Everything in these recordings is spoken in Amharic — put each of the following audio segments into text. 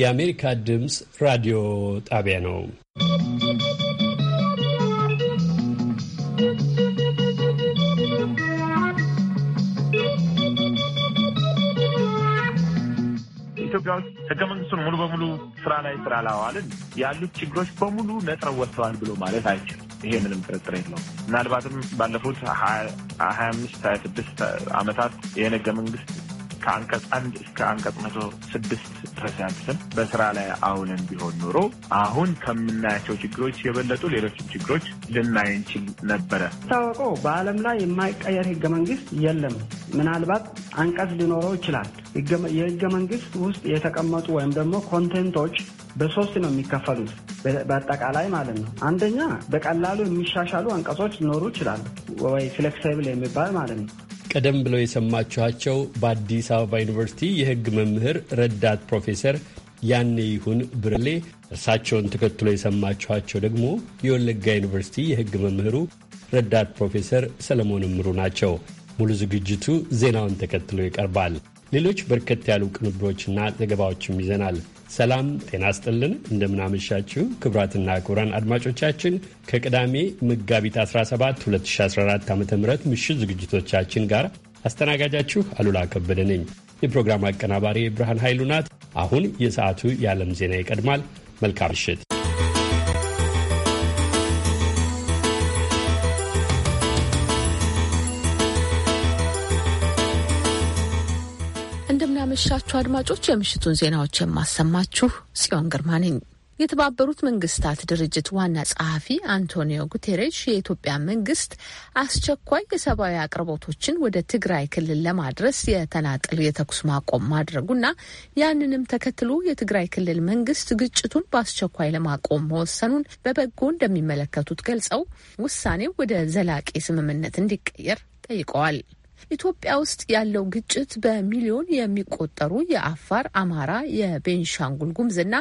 የአሜሪካ ድምፅ ራዲዮ ጣቢያ ነው። ኢትዮጵያ ውስጥ ህገ መንግስቱን ሙሉ በሙሉ ስራ ላይ ስራ ላዋልን ያሉት ችግሮች በሙሉ ነጥረው ወጥተዋል ብሎ ማለት አይችልም። ይሄ ምንም ጥርጥር የለውም። ምናልባትም ባለፉት ሀያ አምስት ሀያ ስድስት አመታት ይህን መንግስት ከአንቀጽ አንድ እስከ አንቀጽ መቶ ስድስት ድረስ ያሉትን በስራ ላይ አውለን ቢሆን ኖሮ አሁን ከምናያቸው ችግሮች የበለጡ ሌሎችም ችግሮች ልናይ እንችል ነበረ። ታወቀው በዓለም ላይ የማይቀየር ህገ መንግስት የለም። ምናልባት አንቀጽ ሊኖረው ይችላል። የህገ መንግስት ውስጥ የተቀመጡ ወይም ደግሞ ኮንቴንቶች በሶስት ነው የሚከፈሉት በአጠቃላይ ማለት ነው። አንደኛ በቀላሉ የሚሻሻሉ አንቀጾች ሊኖሩ ይችላሉ ወይ ፍሌክሲብል የሚባል ማለት ነው። ቀደም ብለው የሰማችኋቸው በአዲስ አበባ ዩኒቨርሲቲ የሕግ መምህር ረዳት ፕሮፌሰር ያኔ ይሁን ብርሌ፣ እርሳቸውን ተከትሎ የሰማችኋቸው ደግሞ የወለጋ ዩኒቨርሲቲ የሕግ መምህሩ ረዳት ፕሮፌሰር ሰለሞን እምሩ ናቸው። ሙሉ ዝግጅቱ ዜናውን ተከትሎ ይቀርባል። ሌሎች በርከት ያሉ ቅንብሮችና ዘገባዎችም ይዘናል። ሰላም ጤና ስጥልን እንደምናመሻችሁ ክቡራትና ክቡራን አድማጮቻችን ከቅዳሜ መጋቢት 17 2014 ዓ ም ምሽት ዝግጅቶቻችን ጋር አስተናጋጃችሁ አሉላ ከበደ ነኝ። የፕሮግራም አቀናባሪ ብርሃን ኃይሉ ናት። አሁን የሰዓቱ የዓለም ዜና ይቀድማል። መልካም ምሽት። እንደምናመሻችሁ አድማጮች፣ የምሽቱን ዜናዎች የማሰማችሁ ጽዮን ግርማ ነኝ። የተባበሩት መንግስታት ድርጅት ዋና ጸሐፊ አንቶኒዮ ጉቴሬሽ የኢትዮጵያ መንግስት አስቸኳይ የሰብአዊ አቅርቦቶችን ወደ ትግራይ ክልል ለማድረስ የተናጠል የተኩስ ማቆም ማድረጉና ያንንም ተከትሎ የትግራይ ክልል መንግስት ግጭቱን በአስቸኳይ ለማቆም መወሰኑን በበጎ እንደሚመለከቱት ገልጸው ውሳኔው ወደ ዘላቂ ስምምነት እንዲቀየር ጠይቀዋል። ኢትዮጵያ ውስጥ ያለው ግጭት በሚሊዮን የሚቆጠሩ የአፋር፣ አማራ፣ የቤንሻንጉል ጉምዝና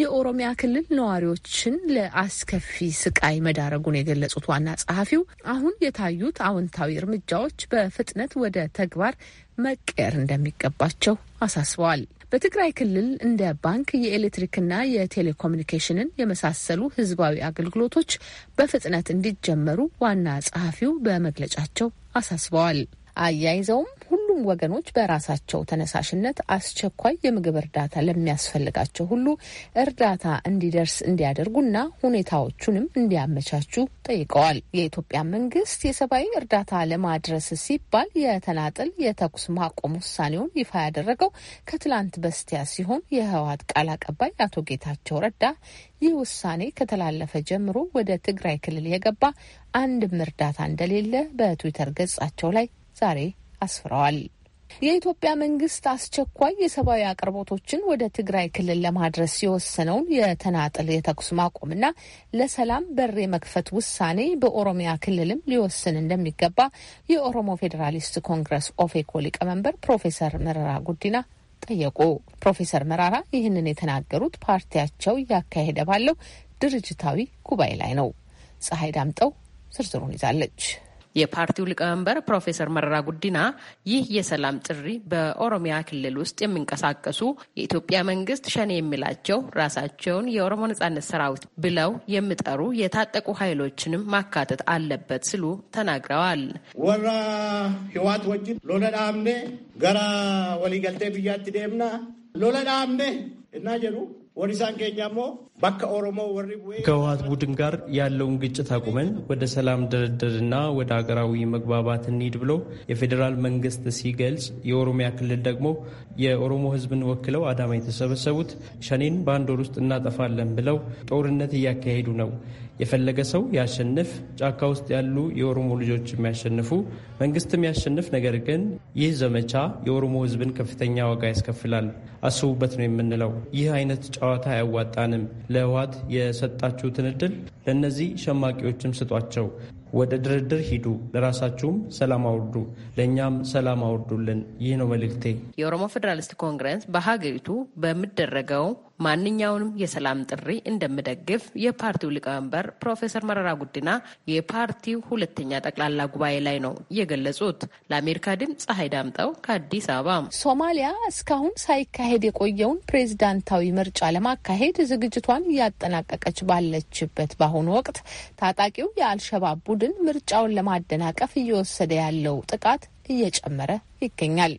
የኦሮሚያ ክልል ነዋሪዎችን ለአስከፊ ስቃይ መዳረጉን የገለጹት ዋና ጸሐፊው አሁን የታዩት አዎንታዊ እርምጃዎች በፍጥነት ወደ ተግባር መቀየር እንደሚገባቸው አሳስበዋል። በትግራይ ክልል እንደ ባንክ፣ የኤሌክትሪክና የቴሌኮሙኒኬሽንን የመሳሰሉ ሕዝባዊ አገልግሎቶች በፍጥነት እንዲጀመሩ ዋና ጸሐፊው በመግለጫቸው አሳስበዋል። አያይዘውም ሁሉም ወገኖች በራሳቸው ተነሳሽነት አስቸኳይ የምግብ እርዳታ ለሚያስፈልጋቸው ሁሉ እርዳታ እንዲደርስ እንዲያደርጉና ሁኔታዎቹንም እንዲያመቻቹ ጠይቀዋል። የኢትዮጵያ መንግስት የሰብአዊ እርዳታ ለማድረስ ሲባል የተናጠል የተኩስ ማቆም ውሳኔውን ይፋ ያደረገው ከትላንት በስቲያ ሲሆን የህወሓት ቃል አቀባይ አቶ ጌታቸው ረዳ ይህ ውሳኔ ከተላለፈ ጀምሮ ወደ ትግራይ ክልል የገባ አንድም እርዳታ እንደሌለ በትዊተር ገጻቸው ላይ ዛሬ አስፍረዋል። የኢትዮጵያ መንግስት አስቸኳይ የሰብአዊ አቅርቦቶችን ወደ ትግራይ ክልል ለማድረስ የወሰነውን የተናጥል የተኩስ ማቆምና ለሰላም በር የመክፈት ውሳኔ በኦሮሚያ ክልልም ሊወስን እንደሚገባ የኦሮሞ ፌዴራሊስት ኮንግረስ ኦፌኮ ሊቀመንበር ፕሮፌሰር መረራ ጉዲና ጠየቁ። ፕሮፌሰር መራራ ይህንን የተናገሩት ፓርቲያቸው እያካሄደ ባለው ድርጅታዊ ጉባኤ ላይ ነው። ፀሐይ ዳምጠው ዝርዝሩን ይዛለች። የፓርቲው ሊቀመንበር ፕሮፌሰር መረራ ጉዲና ይህ የሰላም ጥሪ በኦሮሚያ ክልል ውስጥ የሚንቀሳቀሱ የኢትዮጵያ መንግስት ሸኔ የሚላቸው ራሳቸውን የኦሮሞ ነጻነት ሰራዊት ብለው የሚጠሩ የታጠቁ ኃይሎችንም ማካተት አለበት ሲሉ ተናግረዋል። ወራ ህዋት ወጅን ሎለዳምኔ ገራ ወሊገልቴ ብያት ደምና ሎለዳምኔ እና ጀሩ ከህወሓት ቡድን ጋር ያለውን ግጭት አቁመን ወደ ሰላም ድርድርና ወደ ሀገራዊ መግባባት እንሂድ ብሎ የፌዴራል መንግስት ሲገልጽ፣ የኦሮሚያ ክልል ደግሞ የኦሮሞ ህዝብን ወክለው አዳማ የተሰበሰቡት ሸኔን በአንድ ወር ውስጥ እናጠፋለን ብለው ጦርነት እያካሄዱ ነው። የፈለገ ሰው ያሸንፍ፣ ጫካ ውስጥ ያሉ የኦሮሞ ልጆች የሚያሸንፉ፣ መንግስትም ያሸንፍ። ነገር ግን ይህ ዘመቻ የኦሮሞ ህዝብን ከፍተኛ ዋጋ ያስከፍላል። አስቡበት ነው የምንለው። ይህ አይነት ጨዋታ አያዋጣንም። ለህወሓት የሰጣችሁትን እድል ለእነዚህ ሸማቂዎችም ስጧቸው። ወደ ድርድር ሂዱ። ለራሳችሁም ሰላም አውርዱ፣ ለእኛም ሰላም አውርዱልን። ይህ ነው መልእክቴ። የኦሮሞ ፌዴራሊስት ኮንግረስ በሀገሪቱ በሚደረገው ማንኛውንም የሰላም ጥሪ እንደምደግፍ የፓርቲው ሊቀመንበር ፕሮፌሰር መረራ ጉዲና የፓርቲው ሁለተኛ ጠቅላላ ጉባኤ ላይ ነው የገለጹት። ለአሜሪካ ድምፅ ፀሐይ ዳምጠው ከአዲስ አበባ። ሶማሊያ እስካሁን ሳይካሄድ የቆየውን ፕሬዝዳንታዊ ምርጫ ለማካሄድ ዝግጅቷን እያጠናቀቀች ባለችበት በአሁኑ ወቅት ታጣቂው የአልሸባብ ቡድን ምርጫውን ለማደናቀፍ እየወሰደ ያለው ጥቃት እየጨመረ ይገኛል።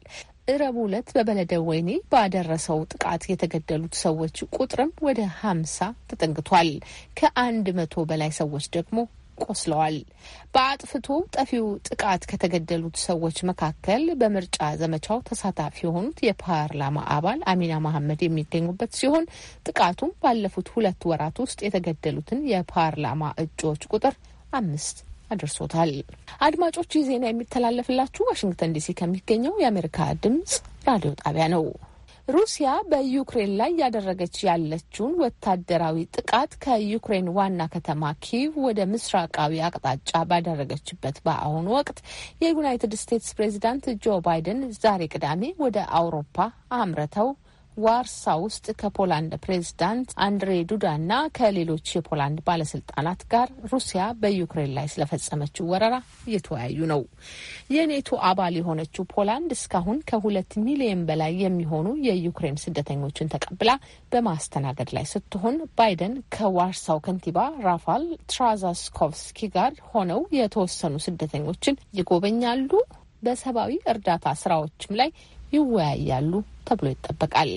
ረቡዕ ዕለት በበለደ ወይኔ ባደረሰው ጥቃት የተገደሉት ሰዎች ቁጥርም ወደ ሀምሳ ተጠንግቷል። ከአንድ መቶ በላይ ሰዎች ደግሞ ቆስለዋል። በአጥፍቶ ጠፊው ጥቃት ከተገደሉት ሰዎች መካከል በምርጫ ዘመቻው ተሳታፊ የሆኑት የፓርላማ አባል አሚና መሐመድ የሚገኙበት ሲሆን ጥቃቱም ባለፉት ሁለት ወራት ውስጥ የተገደሉትን የፓርላማ እጩዎች ቁጥር አምስት አድርሶታል። አድማጮች ይህ ዜና የሚተላለፍላችሁ ዋሽንግተን ዲሲ ከሚገኘው የአሜሪካ ድምጽ ራዲዮ ጣቢያ ነው። ሩሲያ በዩክሬን ላይ ያደረገች ያለችውን ወታደራዊ ጥቃት ከዩክሬን ዋና ከተማ ኪቭ ወደ ምስራቃዊ አቅጣጫ ባደረገችበት በአሁኑ ወቅት የዩናይትድ ስቴትስ ፕሬዚዳንት ጆ ባይደን ዛሬ ቅዳሜ ወደ አውሮፓ አምርተው ዋርሳ ውስጥ ከፖላንድ ፕሬዝዳንት አንድሬ ዱዳ እና ከሌሎች የፖላንድ ባለስልጣናት ጋር ሩሲያ በዩክሬን ላይ ስለፈጸመችው ወረራ እየተወያዩ ነው። የኔቶ አባል የሆነችው ፖላንድ እስካሁን ከሁለት ሚሊዮን በላይ የሚሆኑ የዩክሬን ስደተኞችን ተቀብላ በማስተናገድ ላይ ስትሆን ባይደን ከዋርሳው ከንቲባ ራፋል ትራዛስኮቭስኪ ጋር ሆነው የተወሰኑ ስደተኞችን ይጎበኛሉ። በሰብአዊ እርዳታ ስራዎችም ላይ ይወያያሉ ተብሎ ይጠበቃል።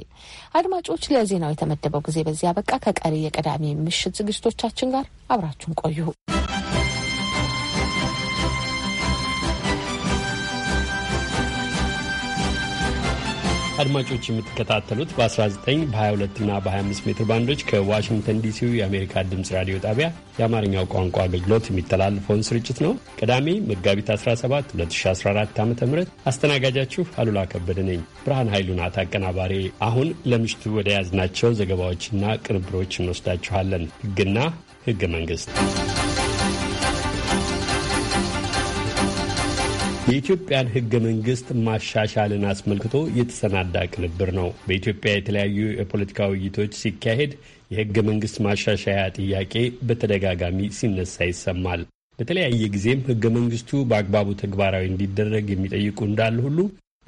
አድማጮች፣ ለዜናው የተመደበው ጊዜ በዚህ አበቃ። ከቀሪ የቅዳሜ ምሽት ዝግጅቶቻችን ጋር አብራችሁን ቆዩ። አድማጮች የምትከታተሉት በ19 በ22 እና በ25 ሜትር ባንዶች ከዋሽንግተን ዲሲው የአሜሪካ ድምፅ ራዲዮ ጣቢያ የአማርኛው ቋንቋ አገልግሎት የሚተላለፈውን ስርጭት ነው። ቅዳሜ መጋቢት 17 2014 ዓ ም አስተናጋጃችሁ አሉላ ከበደ ነኝ። ብርሃን ኃይሉ ናት አቀናባሪ። አሁን ለምሽቱ ወደ ያዝናቸው ዘገባዎችና ቅንብሮች እንወስዳችኋለን። ህግና ህገ መንግሥት የኢትዮጵያን ህገ መንግስት ማሻሻልን አስመልክቶ የተሰናዳ ቅንብር ነው። በኢትዮጵያ የተለያዩ የፖለቲካ ውይይቶች ሲካሄድ የህገ መንግስት ማሻሻያ ጥያቄ በተደጋጋሚ ሲነሳ ይሰማል። በተለያየ ጊዜም ህገ መንግስቱ በአግባቡ ተግባራዊ እንዲደረግ የሚጠይቁ እንዳሉ ሁሉ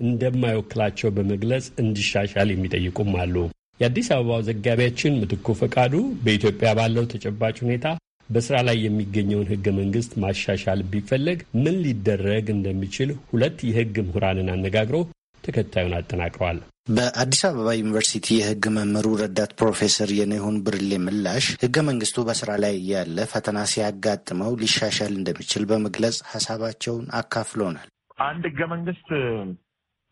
እንደማይወክላቸው በመግለጽ እንዲሻሻል የሚጠይቁም አሉ። የአዲስ አበባው ዘጋቢያችን ምትኩ ፈቃዱ በኢትዮጵያ ባለው ተጨባጭ ሁኔታ በስራ ላይ የሚገኘውን ህገ መንግስት ማሻሻል ቢፈለግ ምን ሊደረግ እንደሚችል ሁለት የህግ ምሁራንን አነጋግረው ተከታዩን አጠናቅረዋል። በአዲስ አበባ ዩኒቨርሲቲ የህግ መምህሩ ረዳት ፕሮፌሰር የኔሁን ብርሌ ምላሽ ህገ መንግስቱ በስራ ላይ ያለ ፈተና ሲያጋጥመው ሊሻሻል እንደሚችል በመግለጽ ሀሳባቸውን አካፍሎናል። አንድ ህገ መንግስት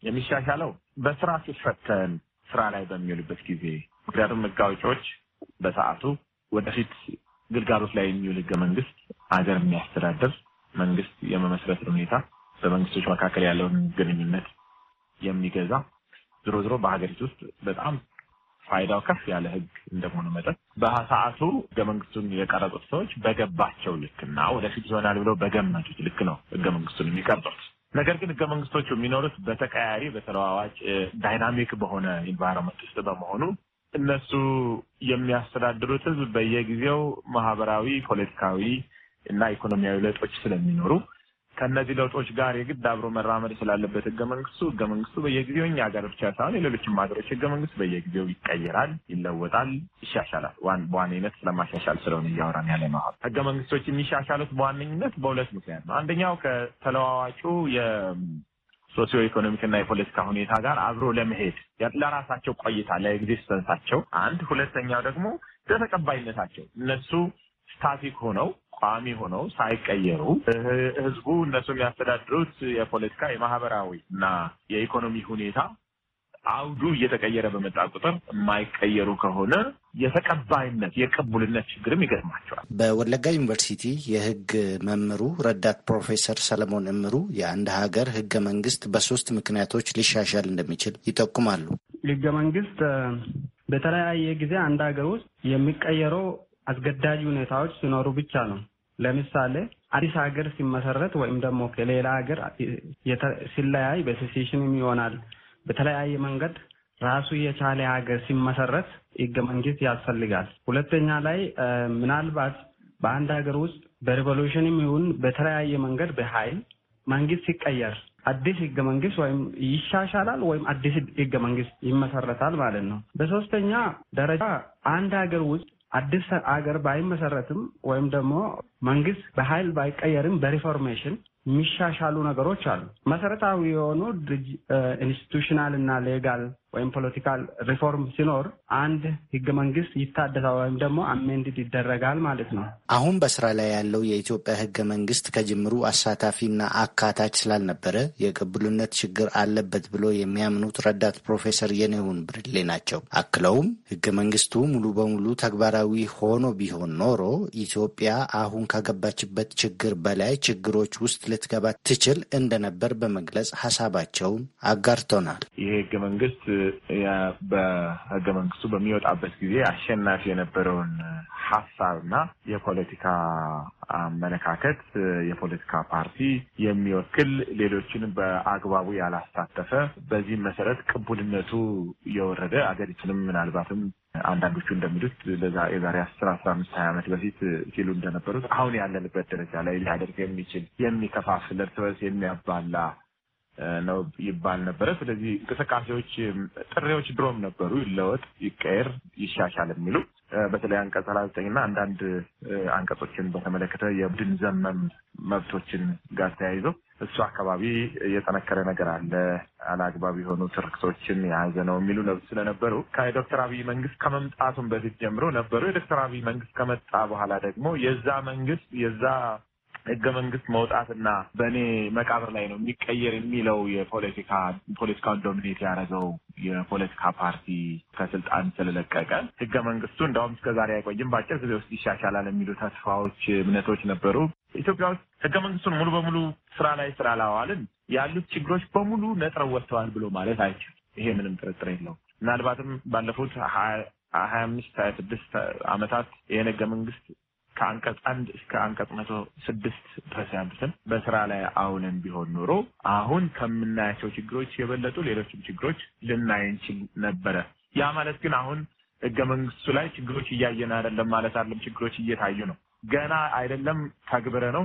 የሚሻሻለው በስራ ሲፈተን ስራ ላይ በሚውልበት ጊዜ፣ ምክንያቱም ህግ አውጪዎች በሰዓቱ ወደፊት ግልጋሎት ላይ የሚውል ህገ መንግስት ሀገር የሚያስተዳድር መንግስት የመመስረት ሁኔታ በመንግስቶች መካከል ያለውን ግንኙነት የሚገዛ ዝሮ ዝሮ በሀገሪቱ ውስጥ በጣም ፋይዳው ከፍ ያለ ህግ እንደመሆኑ መጠን በሰዓቱ ህገ መንግስቱን የቀረጡት ሰዎች በገባቸው ልክና ወደፊት ይሆናል ብለው በገመቱት ልክ ነው ህገ መንግስቱን የሚቀርጡት። ነገር ግን ህገ መንግስቶቹ የሚኖሩት በተቀያሪ በተለዋዋጭ ዳይናሚክ በሆነ ኢንቫይሮንመንት ውስጥ በመሆኑ እነሱ የሚያስተዳድሩት ህዝብ በየጊዜው ማህበራዊ፣ ፖለቲካዊ እና ኢኮኖሚያዊ ለውጦች ስለሚኖሩ ከእነዚህ ለውጦች ጋር የግድ አብሮ መራመድ ስላለበት ህገ መንግስቱ ህገ መንግስቱ በየጊዜው እኛ ሀገር ብቻ ሳይሆን የሌሎችም ሀገሮች ህገ መንግስት በየጊዜው ይቀየራል፣ ይለወጣል፣ ይሻሻላል። በዋነኝነት ስለማሻሻል ስለሆነ እያወራን ያለ ነው። ህገ መንግስቶች የሚሻሻሉት በዋነኝነት በሁለት ምክንያት ነው። አንደኛው ከተለዋዋጩ ሶሲዮ ኢኮኖሚክና የፖለቲካ ሁኔታ ጋር አብሮ ለመሄድ ለራሳቸው ቆይታ ለኤግዚስተንሳቸው አንድ፣ ሁለተኛው ደግሞ ለተቀባይነታቸው እነሱ ስታቲክ ሆነው ቋሚ ሆነው ሳይቀየሩ ህዝቡ እነሱ የሚያስተዳድሩት የፖለቲካ የማህበራዊ እና የኢኮኖሚ ሁኔታ አውዱ እየተቀየረ በመጣ ቁጥር የማይቀየሩ ከሆነ የተቀባይነት የቅቡልነት ችግርም ይገጥማቸዋል። በወለጋ ዩኒቨርሲቲ የህግ መምህሩ ረዳት ፕሮፌሰር ሰለሞን እምሩ የአንድ ሀገር ህገ መንግስት በሶስት ምክንያቶች ሊሻሻል እንደሚችል ይጠቁማሉ። ህገ መንግስት በተለያየ ጊዜ አንድ ሀገር ውስጥ የሚቀየረው አስገዳጅ ሁኔታዎች ሲኖሩ ብቻ ነው። ለምሳሌ አዲስ ሀገር ሲመሰረት ወይም ደግሞ ከሌላ ሀገር ሲለያይ በሴሴሽንም ይሆናል በተለያየ መንገድ ራሱ የቻለ ሀገር ሲመሰረት ህገ መንግስት ያስፈልጋል። ሁለተኛ ላይ ምናልባት በአንድ ሀገር ውስጥ በሪቮሉሽንም ይሁን በተለያየ መንገድ በኃይል መንግስት ሲቀየር አዲስ ህገ መንግስት ወይም ይሻሻላል ወይም አዲስ ህገ መንግስት ይመሰረታል ማለት ነው። በሶስተኛ ደረጃ አንድ ሀገር ውስጥ አዲስ ሀገር ባይመሰረትም ወይም ደግሞ መንግስት በኃይል ባይቀየርም በሪፎርሜሽን የሚሻሻሉ ነገሮች አሉ። መሰረታዊ የሆኑ ኢንስቲቱሽናል እና ሌጋል ወይም ፖለቲካል ሪፎርም ሲኖር አንድ ህገ መንግስት ይታደሳል ወይም ደግሞ አሜንድድ ይደረጋል ማለት ነው። አሁን በስራ ላይ ያለው የኢትዮጵያ ህገ መንግስት ከጅምሩ አሳታፊና አካታች ስላልነበረ የቅብሉነት ችግር አለበት ብሎ የሚያምኑት ረዳት ፕሮፌሰር የኔሁን ብርሌ ናቸው። አክለውም ህገ መንግስቱ ሙሉ በሙሉ ተግባራዊ ሆኖ ቢሆን ኖሮ ኢትዮጵያ አሁን ከገባችበት ችግር በላይ ችግሮች ውስጥ ልትገባ ትችል እንደነበር በመግለጽ ሀሳባቸውን አጋርተናል። ይህ ህገ መንግስት በህገ መንግስቱ በሚወጣበት ጊዜ አሸናፊ የነበረውን ሀሳብና የፖለቲካ አመለካከት የፖለቲካ ፓርቲ የሚወክል ሌሎችን በአግባቡ ያላሳተፈ በዚህም መሰረት ቅቡልነቱ የወረደ አገሪቱንም ምናልባትም አንዳንዶቹ እንደሚሉት የዛሬ አስር አስራ አምስት ሀያ ዓመት በፊት ሲሉ እንደነበሩት አሁን ያለንበት ደረጃ ላይ ሊያደርግ የሚችል የሚከፋፍል፣ እርስ በርስ የሚያባላ ነው ይባል ነበረ። ስለዚህ እንቅስቃሴዎች፣ ጥሪዎች ድሮም ነበሩ ይለወጥ፣ ይቀየር፣ ይሻሻል የሚሉ በተለይ አንቀጽ ሰላሳ ና አንዳንድ አንቀጾችን በተመለከተ የቡድን ዘመም መብቶችን ጋር ተያይዞ እሱ አካባቢ የጠነከረ ነገር አለ፣ አላግባብ የሆኑ ትርክቶችን የያዘ ነው የሚሉ ስለነበሩ ከዶክተር አብይ መንግስት ከመምጣቱን በፊት ጀምሮ ነበሩ። የዶክተር አብይ መንግስት ከመጣ በኋላ ደግሞ የዛ መንግስት የዛ ህገ መንግስት መውጣትና በእኔ መቃብር ላይ ነው የሚቀየር የሚለው የፖለቲካ ፖለቲካውን ዶሚኔት ያደረገው የፖለቲካ ፓርቲ ከስልጣን ስለለቀቀ ህገ መንግስቱ እንዳውም እስከዛሬ አይቆይም፣ በአጭር ጊዜ ውስጥ ይሻሻላል የሚሉ ተስፋዎች፣ እምነቶች ነበሩ። ኢትዮጵያ ውስጥ ህገ መንግስቱን ሙሉ በሙሉ ስራ ላይ ስራ ላዋልን ያሉት ችግሮች በሙሉ ነጥረው ወጥተዋል ብሎ ማለት አይችል። ይሄ ምንም ጥርጥር የለው። ምናልባትም ባለፉት ሀያ አምስት ሀያ ስድስት አመታት ይህን ህገ መንግስት ከአንቀጽ አንድ እስከ አንቀጽ መቶ ስድስት ድረስ ያሉትን በስራ ላይ አውለን ቢሆን ኖሮ አሁን ከምናያቸው ችግሮች የበለጡ ሌሎችም ችግሮች ልናይ እንችል ነበረ። ያ ማለት ግን አሁን ህገ መንግስቱ ላይ ችግሮች እያየን አይደለም ማለት አለም። ችግሮች እየታዩ ነው። ገና አይደለም ተግብረ ነው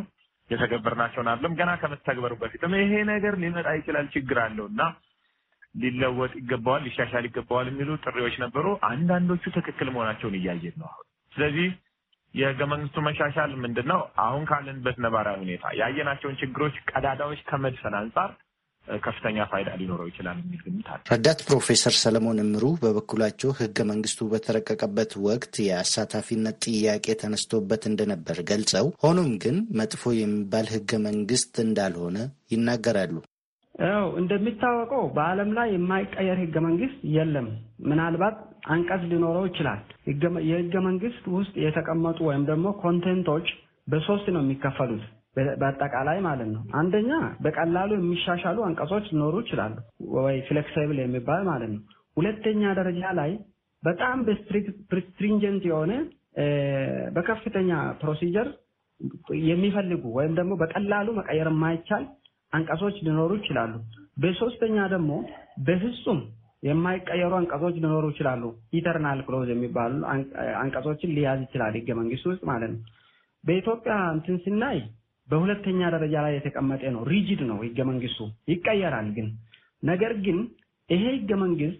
የተገበርናቸውን አለም ገና ከመተግበሩ በፊትም ይሄ ነገር ሊመጣ ይችላል፣ ችግር አለው እና ሊለወጥ ይገባዋል፣ ሊሻሻል ይገባዋል የሚሉ ጥሪዎች ነበሩ። አንዳንዶቹ ትክክል መሆናቸውን እያየን ነው አሁን ስለዚህ የህገ መንግስቱ መሻሻል ምንድን ነው? አሁን ካለንበት ነባራዊ ሁኔታ ያየናቸውን ችግሮች ቀዳዳዎች ከመድፈን አንጻር ከፍተኛ ፋይዳ ሊኖረው ይችላል የሚል ግምት አለ። ረዳት ፕሮፌሰር ሰለሞን እምሩ በበኩላቸው ህገ መንግስቱ በተረቀቀበት ወቅት የአሳታፊነት ጥያቄ ተነስቶበት እንደነበር ገልጸው ሆኖም ግን መጥፎ የሚባል ህገ መንግስት እንዳልሆነ ይናገራሉ። ያው እንደሚታወቀው በዓለም ላይ የማይቀየር ህገ መንግስት የለም። ምናልባት አንቀጽ ሊኖረው ይችላል። የህገ መንግስት ውስጥ የተቀመጡ ወይም ደግሞ ኮንቴንቶች በሶስት ነው የሚከፈሉት በአጠቃላይ ማለት ነው። አንደኛ በቀላሉ የሚሻሻሉ አንቀጾች ሊኖሩ ይችላሉ ወይ ፍሌክሲብል የሚባል ማለት ነው። ሁለተኛ ደረጃ ላይ በጣም በስትሪንጀንት የሆነ በከፍተኛ ፕሮሲጀር የሚፈልጉ ወይም ደግሞ በቀላሉ መቀየር የማይቻል አንቀጾች ሊኖሩ ይችላሉ። በሶስተኛ ደግሞ በፍጹም የማይቀየሩ አንቀጾች ሊኖሩ ይችላሉ። ኢተርናል ክሎዝ የሚባሉ አንቀጾችን ሊያዝ ይችላል ህገ መንግስት ውስጥ ማለት ነው። በኢትዮጵያ እንትን ስናይ በሁለተኛ ደረጃ ላይ የተቀመጠ ነው። ሪጂድ ነው ህገ መንግስቱ ይቀየራል ግን ነገር ግን ይሄ ህገ መንግስት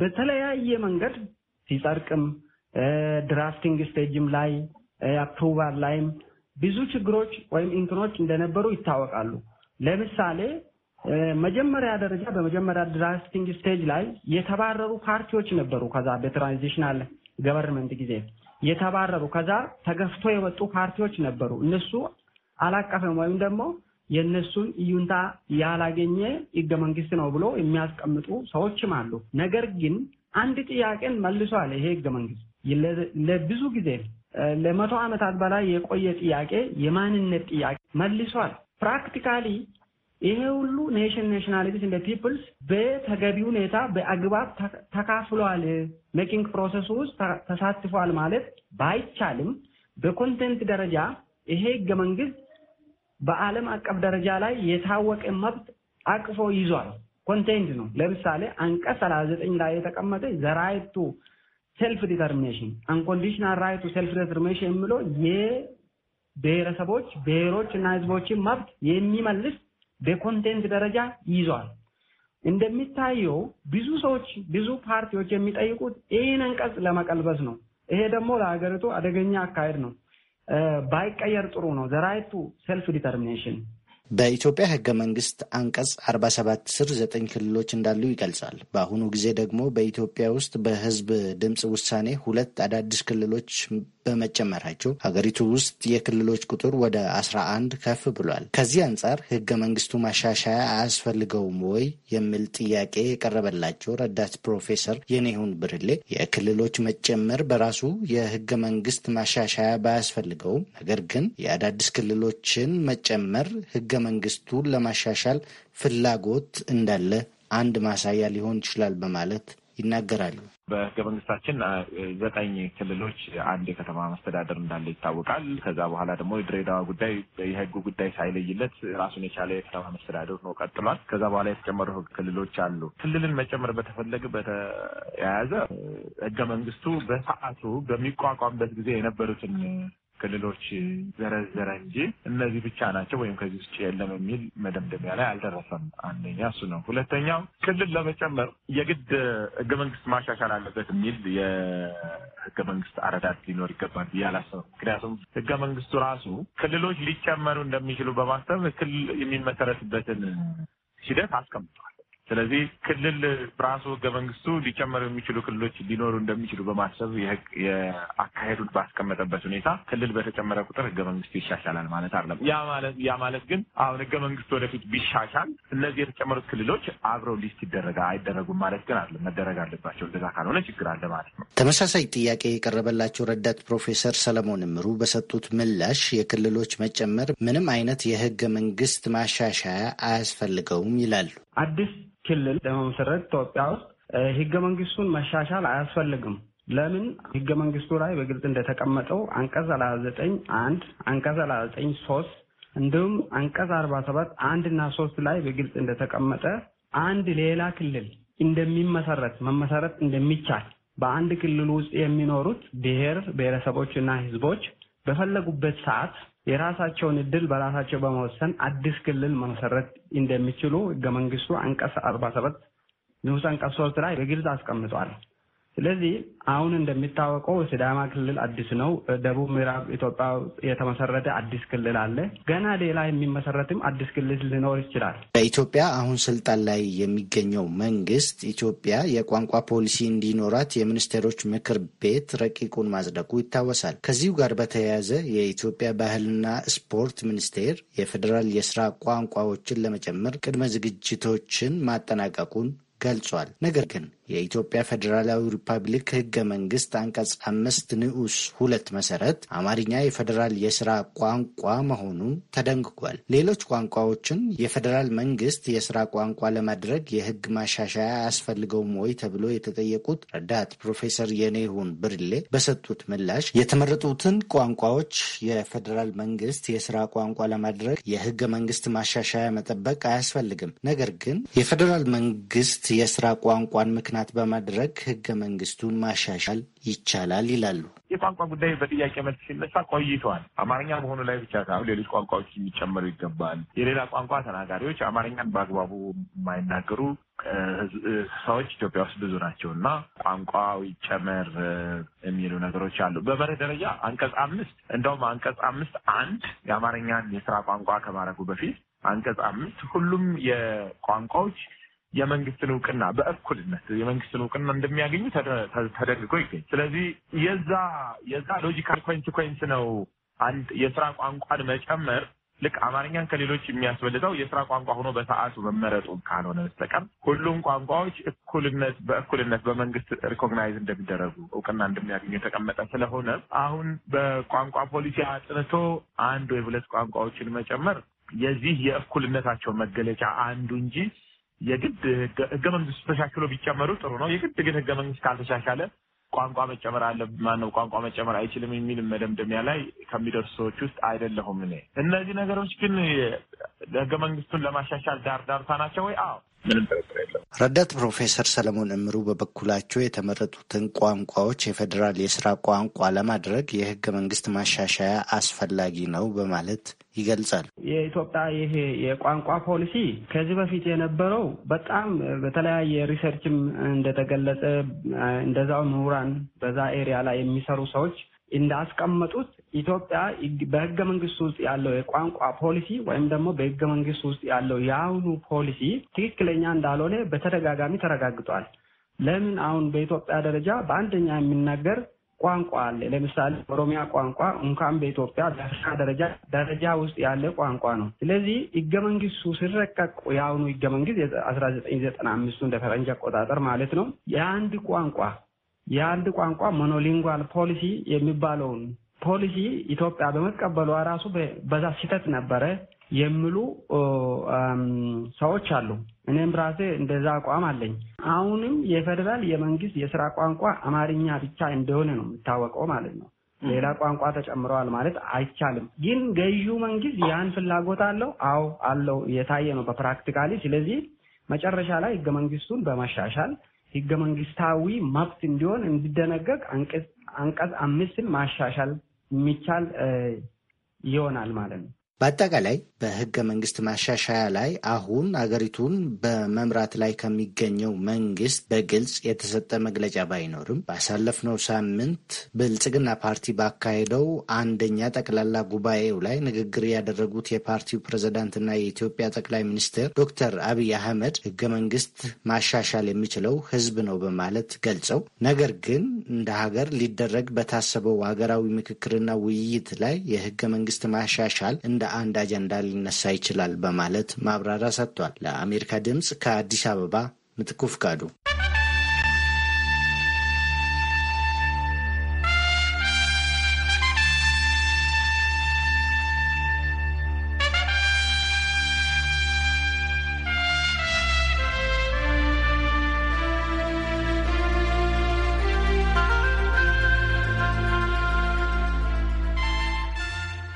በተለያየ መንገድ ሲጸድቅም ድራፍቲንግ ስቴጅም ላይ አፕሩቫል ላይም ብዙ ችግሮች ወይም እንትኖች እንደነበሩ ይታወቃሉ። ለምሳሌ መጀመሪያ ደረጃ በመጀመሪያ ድራፍቲንግ ስቴጅ ላይ የተባረሩ ፓርቲዎች ነበሩ። ከዛ በትራንዚሽናል ገቨርንመንት ጊዜ የተባረሩ ከዛ ተገፍቶ የወጡ ፓርቲዎች ነበሩ። እነሱ አላቀፈም ወይም ደግሞ የእነሱን እዩንታ ያላገኘ ህገ መንግስት ነው ብሎ የሚያስቀምጡ ሰዎችም አሉ። ነገር ግን አንድ ጥያቄን መልሷል። ይሄ ህገ መንግስት ለብዙ ጊዜ ለመቶ ዓመታት በላይ የቆየ ጥያቄ፣ የማንነት ጥያቄ መልሷል። ፕራክቲካሊ ይሄ ሁሉ ኔሽን ኔሽናሊቲስ እንደ ፒፕልስ በተገቢ ሁኔታ በአግባብ ተካፍሏል፣ ሜኪንግ ፕሮሰሱ ውስጥ ተሳትፏል ማለት ባይቻልም በኮንቴንት ደረጃ ይሄ ህገ መንግስት በዓለም አቀፍ ደረጃ ላይ የታወቀ መብት አቅፎ ይዟል። ኮንቴንት ነው። ለምሳሌ አንቀጽ ሰላሳ ዘጠኝ ላይ የተቀመጠ ዘራይቱ ሴልፍ ዲተርሚኔሽን አንኮንዲሽናል ራይቱ ሴልፍ ዲተርሚኔሽን የሚለው ብሔረሰቦች፣ ብሔሮች እና ህዝቦችን መብት የሚመልስ በኮንቴንት ደረጃ ይዟል። እንደሚታየው ብዙ ሰዎች ብዙ ፓርቲዎች የሚጠይቁት ይህን አንቀጽ ለመቀልበስ ነው። ይሄ ደግሞ ለሀገሪቱ አደገኛ አካሄድ ነው። ባይቀየር ጥሩ ነው። ዘራይቱ ሴልፍ ዲተርሚኔሽን በኢትዮጵያ ሕገ መንግስት አንቀጽ 47 ስር ዘጠኝ ክልሎች እንዳሉ ይገልጻል። በአሁኑ ጊዜ ደግሞ በኢትዮጵያ ውስጥ በህዝብ ድምፅ ውሳኔ ሁለት አዳዲስ ክልሎች በመጨመራቸው ሀገሪቱ ውስጥ የክልሎች ቁጥር ወደ 11 ከፍ ብሏል። ከዚህ አንጻር ህገ መንግስቱ ማሻሻያ አያስፈልገውም ወይ የሚል ጥያቄ የቀረበላቸው ረዳት ፕሮፌሰር የኔሁን ብርሌ የክልሎች መጨመር በራሱ የሕገ መንግስት ማሻሻያ ባያስፈልገውም፣ ነገር ግን የአዳዲስ ክልሎችን መጨመር ህገ መንግስቱን ለማሻሻል ፍላጎት እንዳለ አንድ ማሳያ ሊሆን ይችላል በማለት ይናገራሉ። በህገ መንግስታችን ዘጠኝ ክልሎች አንድ የከተማ መስተዳደር እንዳለ ይታወቃል። ከዛ በኋላ ደግሞ የድሬዳዋ ጉዳይ የህጉ ጉዳይ ሳይለይለት ራሱን የቻለ የከተማ መስተዳደር ነው ቀጥሏል። ከዛ በኋላ የተጨመሩ ክልሎች አሉ። ክልልን መጨመር በተፈለገ በተያያዘ ህገ መንግስቱ በሰዓቱ በሚቋቋምበት ጊዜ የነበሩትን ክልሎች ዘረዘረ እንጂ እነዚህ ብቻ ናቸው ወይም ከዚህ ውስጥ የለም የሚል መደምደሚያ ላይ አልደረሰም። አንደኛ እሱ ነው። ሁለተኛው ክልል ለመጨመር የግድ ህገ መንግስት ማሻሻል አለበት የሚል የህገ መንግስት አረዳድ ሊኖር ይገባል ብዬ ምክንያቱም ህገ መንግስቱ ራሱ ክልሎች ሊጨመሩ እንደሚችሉ በማሰብ ክልል የሚመሰረትበትን ሂደት አስቀምጧል። ስለዚህ ክልል በራሱ ህገ መንግስቱ ሊጨመሩ የሚችሉ ክልሎች ሊኖሩ እንደሚችሉ በማሰብ የአካሄዱን ባስቀመጠበት ሁኔታ ክልል በተጨመረ ቁጥር ህገ መንግስቱ ይሻሻላል ማለት አለም። ያ ማለት ግን አሁን ህገ መንግስቱ ወደፊት ቢሻሻል እነዚህ የተጨመሩት ክልሎች አብረው ሊስት ይደረጋ አይደረጉም ማለት ግን አለ መደረግ አለባቸው። እንደዛ ካልሆነ ችግር አለ ማለት ነው። ተመሳሳይ ጥያቄ የቀረበላቸው ረዳት ፕሮፌሰር ሰለሞን ምሩ በሰጡት ምላሽ የክልሎች መጨመር ምንም አይነት የህገ መንግስት ማሻሻያ አያስፈልገውም ይላሉ። አዲስ ክልል ለመመሰረት ኢትዮጵያ ውስጥ ህገ መንግስቱን መሻሻል አያስፈልግም። ለምን ህገ መንግስቱ ላይ በግልጽ እንደተቀመጠው አንቀጽ ሰላሳ ዘጠኝ አንድ አንቀጽ ሰላሳ ዘጠኝ ሶስት እንዲሁም አንቀጽ አርባ ሰባት አንድ እና ሶስት ላይ በግልጽ እንደተቀመጠ አንድ ሌላ ክልል እንደሚመሰረት መመሰረት እንደሚቻል በአንድ ክልል ውስጥ የሚኖሩት ብሔር ብሔረሰቦች እና ህዝቦች በፈለጉበት ሰዓት የራሳቸውን እድል በራሳቸው በመወሰን አዲስ ክልል መሰረት እንደሚችሉ ህገ መንግስቱ አንቀጽ አርባ ሰባት ንዑስ አንቀጽ ሶስት ላይ በግልጽ አስቀምጧል። ስለዚህ አሁን እንደሚታወቀው ሲዳማ ክልል አዲስ ነው። ደቡብ ምዕራብ ኢትዮጵያ የተመሰረተ አዲስ ክልል አለ። ገና ሌላ የሚመሰረትም አዲስ ክልል ሊኖር ይችላል። በኢትዮጵያ አሁን ስልጣን ላይ የሚገኘው መንግስት ኢትዮጵያ የቋንቋ ፖሊሲ እንዲኖራት የሚኒስቴሮች ምክር ቤት ረቂቁን ማጽደቁ ይታወሳል። ከዚሁ ጋር በተያያዘ የኢትዮጵያ ባህልና ስፖርት ሚኒስቴር የፌዴራል የስራ ቋንቋዎችን ለመጨመር ቅድመ ዝግጅቶችን ማጠናቀቁን ገልጿል። ነገር ግን የኢትዮጵያ ፌዴራላዊ ሪፐብሊክ ህገ መንግስት አንቀጽ አምስት ንዑስ ሁለት መሰረት አማርኛ የፌዴራል የስራ ቋንቋ መሆኑ ተደንግጓል። ሌሎች ቋንቋዎችን የፌዴራል መንግስት የስራ ቋንቋ ለማድረግ የህግ ማሻሻያ አያስፈልገውም ወይ ተብሎ የተጠየቁት ረዳት ፕሮፌሰር የኔሁን ብርሌ በሰጡት ምላሽ የተመረጡትን ቋንቋዎች የፌዴራል መንግስት የስራ ቋንቋ ለማድረግ የህገ መንግስት ማሻሻያ መጠበቅ አያስፈልግም። ነገር ግን የፌዴራል መንግስት የስራ ቋንቋን ምክንያት ጥናት በማድረግ ህገ መንግስቱን ማሻሻል ይቻላል ይላሉ። የቋንቋ ጉዳይ በጥያቄ መልክ ሲነሳ ቆይተዋል። አማርኛ መሆኑ ላይ ብቻ ሳይሆን ሌሎች ቋንቋዎች የሚጨመሩ ይገባል። የሌላ ቋንቋ ተናጋሪዎች አማርኛን በአግባቡ የማይናገሩ ሰዎች ኢትዮጵያ ውስጥ ብዙ ናቸው እና ቋንቋው ይጨመር የሚሉ ነገሮች አሉ። በመርህ ደረጃ አንቀጽ አምስት እንደውም አንቀጽ አምስት አንድ የአማርኛን የስራ ቋንቋ ከማድረጉ በፊት አንቀጽ አምስት ሁሉም የቋንቋዎች የመንግስትን እውቅና በእኩልነት የመንግስትን እውቅና እንደሚያገኙ ተደርጎ ይገኝ። ስለዚህ የዛ የዛ ሎጂካል ኮንሲኮንስ ነው። አንድ የስራ ቋንቋን መጨመር ልክ አማርኛን ከሌሎች የሚያስበልጠው የስራ ቋንቋ ሆኖ በሰዓቱ መመረጡ ካልሆነ በስተቀር ሁሉም ቋንቋዎች እኩልነት በእኩልነት በመንግስት ሪኮግናይዝ እንደሚደረጉ እውቅና እንደሚያገኙ የተቀመጠ ስለሆነ አሁን በቋንቋ ፖሊሲ አጥንቶ አንድ ወይ ሁለት ቋንቋዎችን መጨመር የዚህ የእኩልነታቸው መገለጫ አንዱ እንጂ የግድ ህገ መንግስቱ ተሻክሎ ቢጨመሩ ጥሩ ነው። የግድ ግን ህገ መንግስት ካልተሻሻለ ቋንቋ መጨመር አለ ማነው ቋንቋ መጨመር አይችልም የሚል መደምደሚያ ላይ ከሚደርሱ ሰዎች ውስጥ አይደለሁም እኔ። እነዚህ ነገሮች ግን ህገ መንግስቱን ለማሻሻል ዳርዳርታ ናቸው ወይ? አዎ ምንም ጥርጥር የለም። ረዳት ፕሮፌሰር ሰለሞን እምሩ በበኩላቸው የተመረጡትን ቋንቋዎች የፌዴራል የስራ ቋንቋ ለማድረግ የህገ መንግስት ማሻሻያ አስፈላጊ ነው በማለት ይገልጻል። የኢትዮጵያ ይሄ የቋንቋ ፖሊሲ ከዚህ በፊት የነበረው በጣም በተለያየ ሪሰርችም እንደተገለጸ እንደዛው ምሁራን በዛ ኤሪያ ላይ የሚሰሩ ሰዎች እንዳስቀመጡት ኢትዮጵያ በህገ መንግስት ውስጥ ያለው የቋንቋ ፖሊሲ ወይም ደግሞ በህገ መንግስት ውስጥ ያለው የአሁኑ ፖሊሲ ትክክለኛ እንዳልሆነ በተደጋጋሚ ተረጋግጧል። ለምን አሁን በኢትዮጵያ ደረጃ በአንደኛ የሚናገር ቋንቋ አለ። ለምሳሌ ኦሮሚያ ቋንቋ እንኳን በኢትዮጵያ በአፍሪካ ደረጃ ደረጃ ውስጥ ያለ ቋንቋ ነው። ስለዚህ ህገ መንግስቱ ሲረቀቅ የአሁኑ ህገ መንግስት አስራ ዘጠኝ ዘጠና አምስቱ እንደ ፈረንጅ አቆጣጠር ማለት ነው የአንድ ቋንቋ የአንድ ቋንቋ ሞኖሊንጓል ፖሊሲ የሚባለውን ፖሊሲ ኢትዮጵያ በመቀበሏ ራሱ በዛ ስህተት ነበረ የሚሉ ሰዎች አሉ። እኔም ራሴ እንደዛ አቋም አለኝ። አሁንም የፌዴራል የመንግስት የስራ ቋንቋ አማርኛ ብቻ እንደሆነ ነው የሚታወቀው ማለት ነው። ሌላ ቋንቋ ተጨምረዋል ማለት አይቻልም። ግን ገዢው መንግስት ያን ፍላጎት አለው? አዎ አለው፣ የታየ ነው በፕራክቲካሊ። ስለዚህ መጨረሻ ላይ ህገ መንግስቱን በማሻሻል ህገ መንግስታዊ መብት እንዲሆን እንዲደነገግ አንቀጽ አንቀጽ አምስትን ማሻሻል የሚቻል ይሆናል ማለት ነው። በአጠቃላይ በህገ መንግስት ማሻሻያ ላይ አሁን አገሪቱን በመምራት ላይ ከሚገኘው መንግስት በግልጽ የተሰጠ መግለጫ ባይኖርም ባሳለፍነው ሳምንት ብልጽግና ፓርቲ ባካሄደው አንደኛ ጠቅላላ ጉባኤው ላይ ንግግር ያደረጉት የፓርቲው ፕሬዝዳንትና የኢትዮጵያ ጠቅላይ ሚኒስትር ዶክተር አብይ አህመድ ህገ መንግስት ማሻሻል የሚችለው ህዝብ ነው በማለት ገልጸው ነገር ግን እንደ ሀገር ሊደረግ በታሰበው ሀገራዊ ምክክርና ውይይት ላይ የህገ መንግስት ማሻሻል እንደ አንድ አጀንዳ ሊነሳ ይችላል በማለት ማብራሪያ ሰጥቷል። ለአሜሪካ ድምፅ ከአዲስ አበባ ምትኩ ፍቃዱ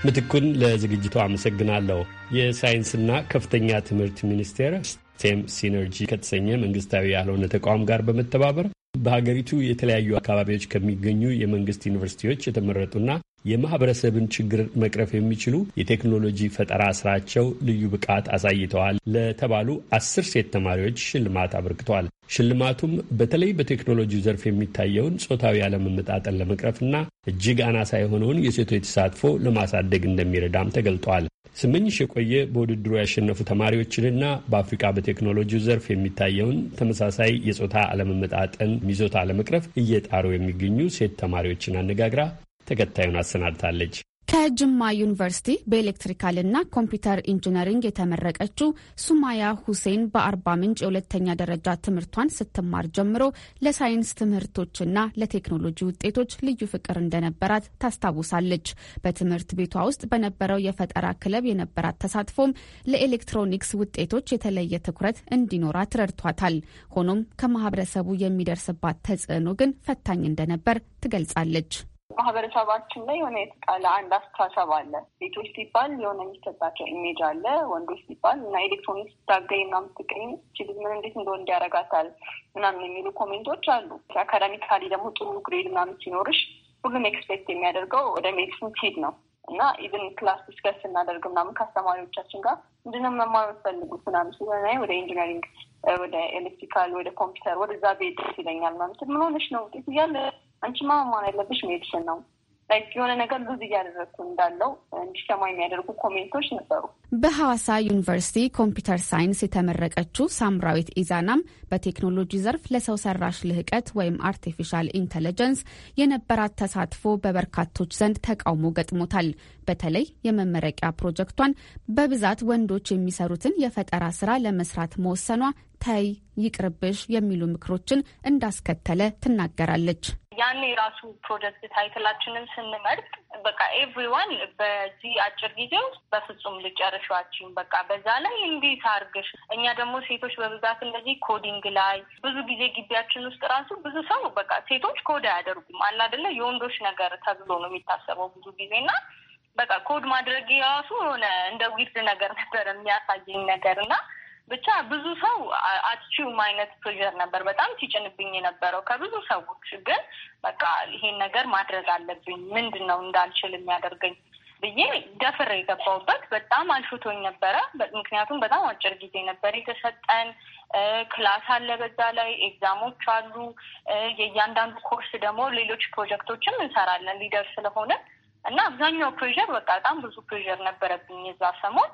ምትኩን ለዝግጅቱ አመሰግናለሁ። የሳይንስና ከፍተኛ ትምህርት ሚኒስቴር ስቴም ሲነርጂ ከተሰኘ መንግስታዊ ያልሆነ ተቋም ጋር በመተባበር በሀገሪቱ የተለያዩ አካባቢዎች ከሚገኙ የመንግስት ዩኒቨርሲቲዎች የተመረጡና የማህበረሰብን ችግር መቅረፍ የሚችሉ የቴክኖሎጂ ፈጠራ ስራቸው ልዩ ብቃት አሳይተዋል ለተባሉ አስር ሴት ተማሪዎች ሽልማት አበርክተዋል። ሽልማቱም በተለይ በቴክኖሎጂው ዘርፍ የሚታየውን ጾታዊ አለመመጣጠን ለመቅረፍና እጅግ አናሳ የሆነውን የሴቶች ተሳትፎ ለማሳደግ እንደሚረዳም ተገልጧል። ስመኝሽ የቆየ በውድድሩ ያሸነፉ ተማሪዎችንና በአፍሪካ በቴክኖሎጂ ዘርፍ የሚታየውን ተመሳሳይ የጾታ አለመመጣጠን ይዞታ ለመቅረፍ እየጣሩ የሚገኙ ሴት ተማሪዎችን አነጋግራ ተከታዩን አሰናድታለች። ከጅማ ዩኒቨርሲቲ በኤሌክትሪካል እና ኮምፒውተር ኢንጂነሪንግ የተመረቀችው ሱማያ ሁሴን በአርባ ምንጭ የሁለተኛ ደረጃ ትምህርቷን ስትማር ጀምሮ ለሳይንስ ትምህርቶችና ለቴክኖሎጂ ውጤቶች ልዩ ፍቅር እንደነበራት ታስታውሳለች። በትምህርት ቤቷ ውስጥ በነበረው የፈጠራ ክለብ የነበራት ተሳትፎም ለኤሌክትሮኒክስ ውጤቶች የተለየ ትኩረት እንዲኖራት ረድቷታል። ሆኖም ከማህበረሰቡ የሚደርስባት ተጽዕኖ ግን ፈታኝ እንደነበር ትገልጻለች። ማህበረሰባችን ላይ የሆነ የተጣለ አንድ አስተሳሰብ አለ። ሴቶች ሲባል የሆነ የሚሰጣቸው ኢሜጅ አለ። ወንዶች ሲባል እና ኤሌክትሮኒክስ ዳገኝ እና ምትገኝ ችግር ምን እንዴት እንደወንድ እንዲያረጋታል ምናምን የሚሉ ኮሜንቶች አሉ። አካዳሚካሊ ደግሞ ጥሩ ግሬድ ምናምን ሲኖርሽ ሁሉም ኤክስፔክት የሚያደርገው ወደ ሜዲሲን ሲሄድ ነው እና ኢቨን ክላስ ዲስከስ ስናደርግ ምናምን ከአስተማሪዎቻችን ጋር እንድንም መማር የምትፈልጉት ምናምን ሲሆን ወደ ኢንጂነሪንግ፣ ወደ ኤሌክትሪካል፣ ወደ ኮምፒውተር ወደዛ ቤድ ይለኛል ማለት ምን ሆነሽ ነው ውጤት እያለ አንቺ ማን ያለብሽ ሜዲሽን ነው ላይክ የሆነ ነገር ሉዝ እያደረግኩ እንዳለው እንዲሰማ የሚያደርጉ ኮሜንቶች ነበሩ። በሐዋሳ ዩኒቨርሲቲ ኮምፒውተር ሳይንስ የተመረቀችው ሳምራዊት ኢዛናም በቴክኖሎጂ ዘርፍ ለሰው ሰራሽ ልህቀት ወይም አርቲፊሻል ኢንተለጀንስ የነበራት ተሳትፎ በበርካቶች ዘንድ ተቃውሞ ገጥሞታል። በተለይ የመመረቂያ ፕሮጀክቷን በብዛት ወንዶች የሚሰሩትን የፈጠራ ስራ ለመስራት መወሰኗ ተይ ይቅርብሽ የሚሉ ምክሮችን እንዳስከተለ ትናገራለች። ያኔ የራሱ ፕሮጀክት ታይትላችንን ስንመርጥ በቃ ኤቭሪዋን በዚህ አጭር ጊዜ ውስጥ በፍጹም ልጨርሻችን በቃ በዛ ላይ እንዲህ ታርግሽ። እኛ ደግሞ ሴቶች በብዛት እንደዚህ ኮዲንግ ላይ ብዙ ጊዜ ግቢያችን ውስጥ ራሱ ብዙ ሰው በቃ ሴቶች ኮድ አያደርጉም አለ አይደለ የወንዶች ነገር ተብሎ ነው የሚታሰበው ብዙ ጊዜ ና በቃ ኮድ ማድረግ የራሱ የሆነ እንደ ዊርድ ነገር ነበር የሚያሳየኝ ነገር እና ብቻ ብዙ ሰው አትችውም አይነት ፕሬዠር ነበር በጣም ሲጭንብኝ የነበረው ከብዙ ሰዎች። ግን በቃ ይሄን ነገር ማድረግ አለብኝ፣ ምንድን ነው እንዳልችል የሚያደርገኝ ብዬ ደፍር የገባውበት በጣም አልፍቶኝ ነበረ። ምክንያቱም በጣም አጭር ጊዜ ነበር የተሰጠን። ክላስ አለ፣ በዛ ላይ ኤግዛሞች አሉ። የእያንዳንዱ ኮርስ ደግሞ ሌሎች ፕሮጀክቶችም እንሰራለን ሊደር ስለሆነ እና አብዛኛው ፕሬዠር በቃ በጣም ብዙ ፕሬዠር ነበረብኝ የዛ ሰሞን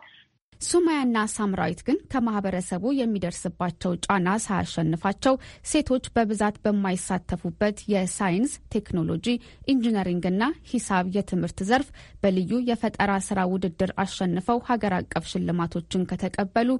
ሱማያና ሳምራዊት ግን ከማህበረሰቡ የሚደርስባቸው ጫና ሳያሸንፋቸው ሴቶች በብዛት በማይሳተፉበት የሳይንስ ቴክኖሎጂ፣ ኢንጂነሪንግና ሂሳብ የትምህርት ዘርፍ በልዩ የፈጠራ ስራ ውድድር አሸንፈው ሀገር አቀፍ ሽልማቶችን ከተቀበሉ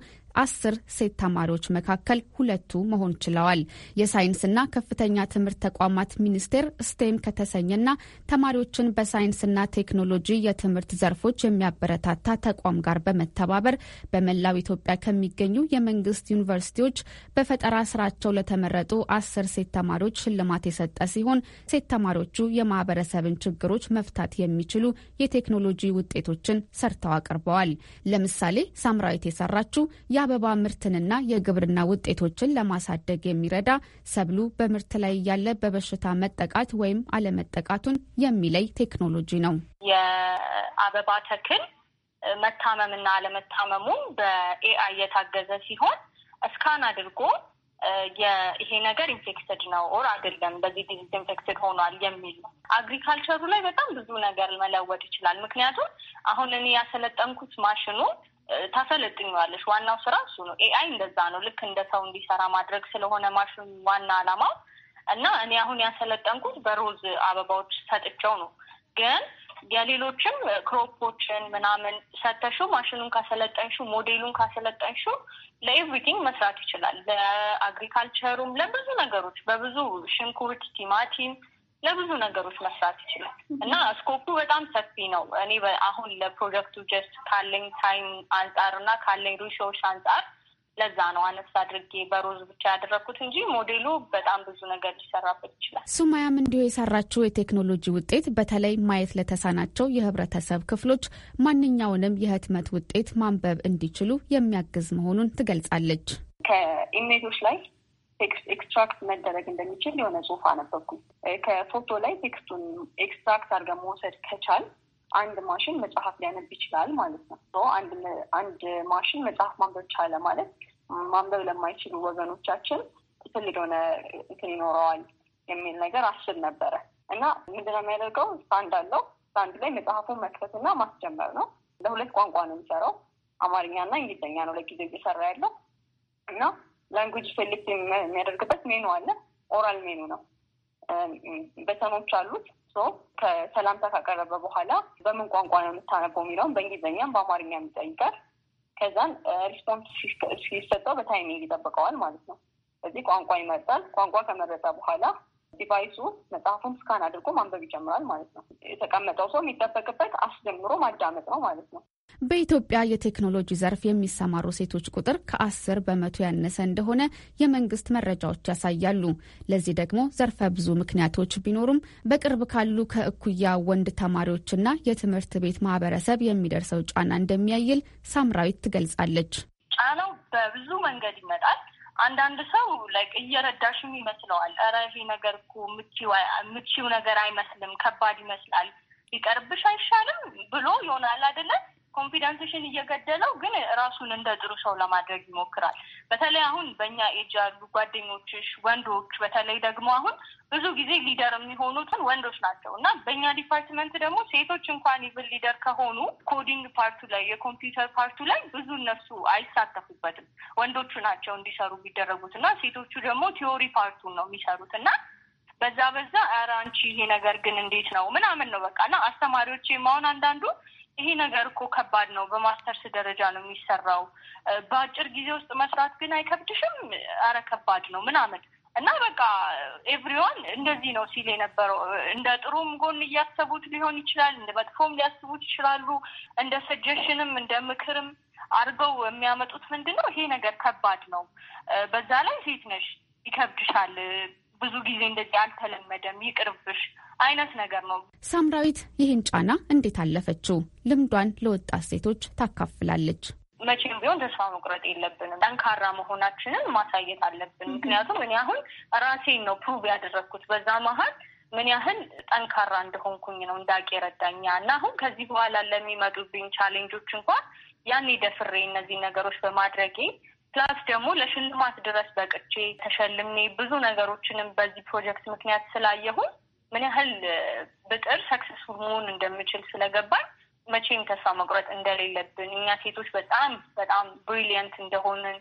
አስር ሴት ተማሪዎች መካከል ሁለቱ መሆን ችለዋል። የሳይንስና ከፍተኛ ትምህርት ተቋማት ሚኒስቴር ስቴም ከተሰኘና ተማሪዎችን በሳይንስና ቴክኖሎጂ የትምህርት ዘርፎች የሚያበረታታ ተቋም ጋር በመተባበር በመላው ኢትዮጵያ ከሚገኙ የመንግስት ዩኒቨርሲቲዎች በፈጠራ ስራቸው ለተመረጡ አስር ሴት ተማሪዎች ሽልማት የሰጠ ሲሆን ሴት ተማሪዎቹ የማህበረሰብን ችግሮች መፍታት የሚችሉ የቴክኖሎጂ ውጤቶችን ሰርተው አቅርበዋል። ለምሳሌ ሳምራዊት የሰራችው ያ የአበባ ምርትንና የግብርና ውጤቶችን ለማሳደግ የሚረዳ ሰብሉ በምርት ላይ እያለ በበሽታ መጠቃት ወይም አለመጠቃቱን የሚለይ ቴክኖሎጂ ነው። የአበባ ተክል መታመምና አለመታመሙ በኤአይ የታገዘ ሲሆን እስካን አድርጎ ይሄ ነገር ኢንፌክትድ ነው ኦር አይደለም፣ በዚህ ዲዚዝ ኢንፌክትድ ሆኗል የሚል ነው። አግሪካልቸሩ ላይ በጣም ብዙ ነገር መለወጥ ይችላል። ምክንያቱም አሁን እኔ ያሰለጠንኩት ማሽኑ ታሰለጥኛዋለሽ። ዋናው ስራ እሱ ነው። ኤአይ እንደዛ ነው። ልክ እንደ ሰው እንዲሰራ ማድረግ ስለሆነ ማሽን ዋና አላማው እና እኔ አሁን ያሰለጠንኩት በሮዝ አበባዎች ሰጥቸው ነው። ግን የሌሎችም ክሮፖችን ምናምን ሰተሹ ማሽኑን ካሰለጠንሹ ሞዴሉን ካሰለጠንሹ ለኤቭሪቲንግ መስራት ይችላል። ለአግሪካልቸሩም፣ ለብዙ ነገሮች በብዙ ሽንኩርት፣ ቲማቲም ለብዙ ነገሮች መስራት ይችላል እና ስኮፑ በጣም ሰፊ ነው። እኔ አሁን ለፕሮጀክቱ ጀስት ካለኝ ታይም አንጻር እና ካለኝ ሪሾች አንጻር ለዛ ነው አነስ አድርጌ በሮዝ ብቻ ያደረግኩት እንጂ ሞዴሉ በጣም ብዙ ነገር ሊሰራበት ይችላል። ሱማያም እንዲሁ የሰራችው የቴክኖሎጂ ውጤት በተለይ ማየት ለተሳናቸው የህብረተሰብ ክፍሎች ማንኛውንም የህትመት ውጤት ማንበብ እንዲችሉ የሚያግዝ መሆኑን ትገልጻለች። ከኢሜቶች ላይ ኤክስትራክት መደረግ እንደሚችል የሆነ ጽሁፍ አነበብኩኝ። ከፎቶ ላይ ቴክስቱን ኤክስትራክት አድርገን መውሰድ ከቻል አንድ ማሽን መጽሐፍ ሊያነብ ይችላል ማለት ነው። አንድ ማሽን መጽሐፍ ማንበብ ቻለ ማለት ማንበብ ለማይችሉ ወገኖቻችን ትልቅ የሆነ እንትን ይኖረዋል የሚል ነገር አስብ ነበረ እና ምንድነው የሚያደርገው ስታንድ አለው። ስታንድ ላይ መጽሐፉን መክፈትና ማስጀመር ነው። ለሁለት ቋንቋ ነው የሚሰራው፣ አማርኛና እንግሊዝኛ ነው ለጊዜው እየሰራ ያለው እና ላንጉጅ ሴሌክት የሚያደርግበት ሜኑ አለ። ኦራል ሜኑ ነው። በተኖች አሉት። ከሰላምታ ካቀረበ በኋላ በምን ቋንቋ ነው የምታነበው የሚለውን በእንግሊዝኛም በአማርኛ ይጠይቃል። ከዛን ሪስፖንስ ሲሰጠው በታይሚንግ ይጠብቀዋል ማለት ነው። እዚህ ቋንቋ ይመርጣል። ቋንቋ ከመረጠ በኋላ ዲቫይሱ መጽሐፉን ስካን አድርጎ ማንበብ ይጀምራል ማለት ነው። የተቀመጠው ሰው የሚጠበቅበት አስጀምሮ ማዳመጥ ነው ማለት ነው። በኢትዮጵያ የቴክኖሎጂ ዘርፍ የሚሰማሩ ሴቶች ቁጥር ከአስር በመቶ ያነሰ እንደሆነ የመንግስት መረጃዎች ያሳያሉ። ለዚህ ደግሞ ዘርፈ ብዙ ምክንያቶች ቢኖሩም በቅርብ ካሉ ከእኩያ ወንድ ተማሪዎችና የትምህርት ቤት ማህበረሰብ የሚደርሰው ጫና እንደሚያይል ሳምራዊት ትገልጻለች። ጫናው በብዙ መንገድ ይመጣል። አንዳንድ ሰው ላይክ እየረዳሽም ይመስለዋል። ረቪ ነገር እኮ ምቺው ነገር አይመስልም፣ ከባድ ይመስላል፣ ይቀርብሽ አይሻልም ብሎ ይሆናል አይደለም ኮንፊደንስሽን እየገደለው ግን ራሱን እንደ ጥሩ ሰው ለማድረግ ይሞክራል። በተለይ አሁን በእኛ ኤጅ ያሉ ጓደኞችሽ ወንዶች፣ በተለይ ደግሞ አሁን ብዙ ጊዜ ሊደር የሚሆኑትን ወንዶች ናቸው እና በእኛ ዲፓርትመንት ደግሞ ሴቶች እንኳን ይብል ሊደር ከሆኑ ኮዲንግ ፓርቱ ላይ የኮምፒውተር ፓርቱ ላይ ብዙ እነሱ አይሳተፉበትም። ወንዶቹ ናቸው እንዲሰሩ የሚደረጉት እና ሴቶቹ ደግሞ ቲዮሪ ፓርቱን ነው የሚሰሩት እና በዛ በዛ አራንቺ አንቺ ይሄ ነገር ግን እንዴት ነው ምናምን ነው በቃ እና አስተማሪዎች ማሆን አንዳንዱ ይሄ ነገር እኮ ከባድ ነው። በማስተርስ ደረጃ ነው የሚሰራው። በአጭር ጊዜ ውስጥ መስራት ግን አይከብድሽም? አረ ከባድ ነው ምናምን እና በቃ ኤቭሪዋን እንደዚህ ነው ሲል የነበረው። እንደ ጥሩም ጎን እያሰቡት ሊሆን ይችላል፣ እንደ መጥፎም ሊያስቡት ይችላሉ። እንደ ሰጀሽንም እንደ ምክርም አድርገው የሚያመጡት ምንድን ነው ይሄ ነገር ከባድ ነው፣ በዛ ላይ ሴት ነሽ፣ ይከብድሻል፣ ብዙ ጊዜ እንደዚህ አልተለመደም፣ ይቅርብሽ አይነት ነገር ነው። ሳምራዊት ይህን ጫና እንዴት አለፈችው? ልምዷን ለወጣት ሴቶች ታካፍላለች። መቼም ቢሆን ተስፋ መቁረጥ የለብንም። ጠንካራ መሆናችንን ማሳየት አለብን። ምክንያቱም እኔ አሁን ራሴን ነው ፕሩቭ ያደረግኩት። በዛ መሀል ምን ያህል ጠንካራ እንደሆንኩኝ ነው እንዳቅ የረዳኛ እና አሁን ከዚህ በኋላ ለሚመጡብኝ ቻሌንጆች እንኳን ያኔ ደፍሬ እነዚህ ነገሮች በማድረጌ ፕላስ ደግሞ ለሽልማት ድረስ በቅቼ ተሸልሜ ብዙ ነገሮችንም በዚህ ፕሮጀክት ምክንያት ስላየሁን ምን ያህል ብጥር ሰክሰስፉል መሆን እንደምችል ስለገባኝ መቼም ተስፋ መቁረጥ እንደሌለብን እኛ ሴቶች በጣም በጣም ብሪሊየንት እንደሆንን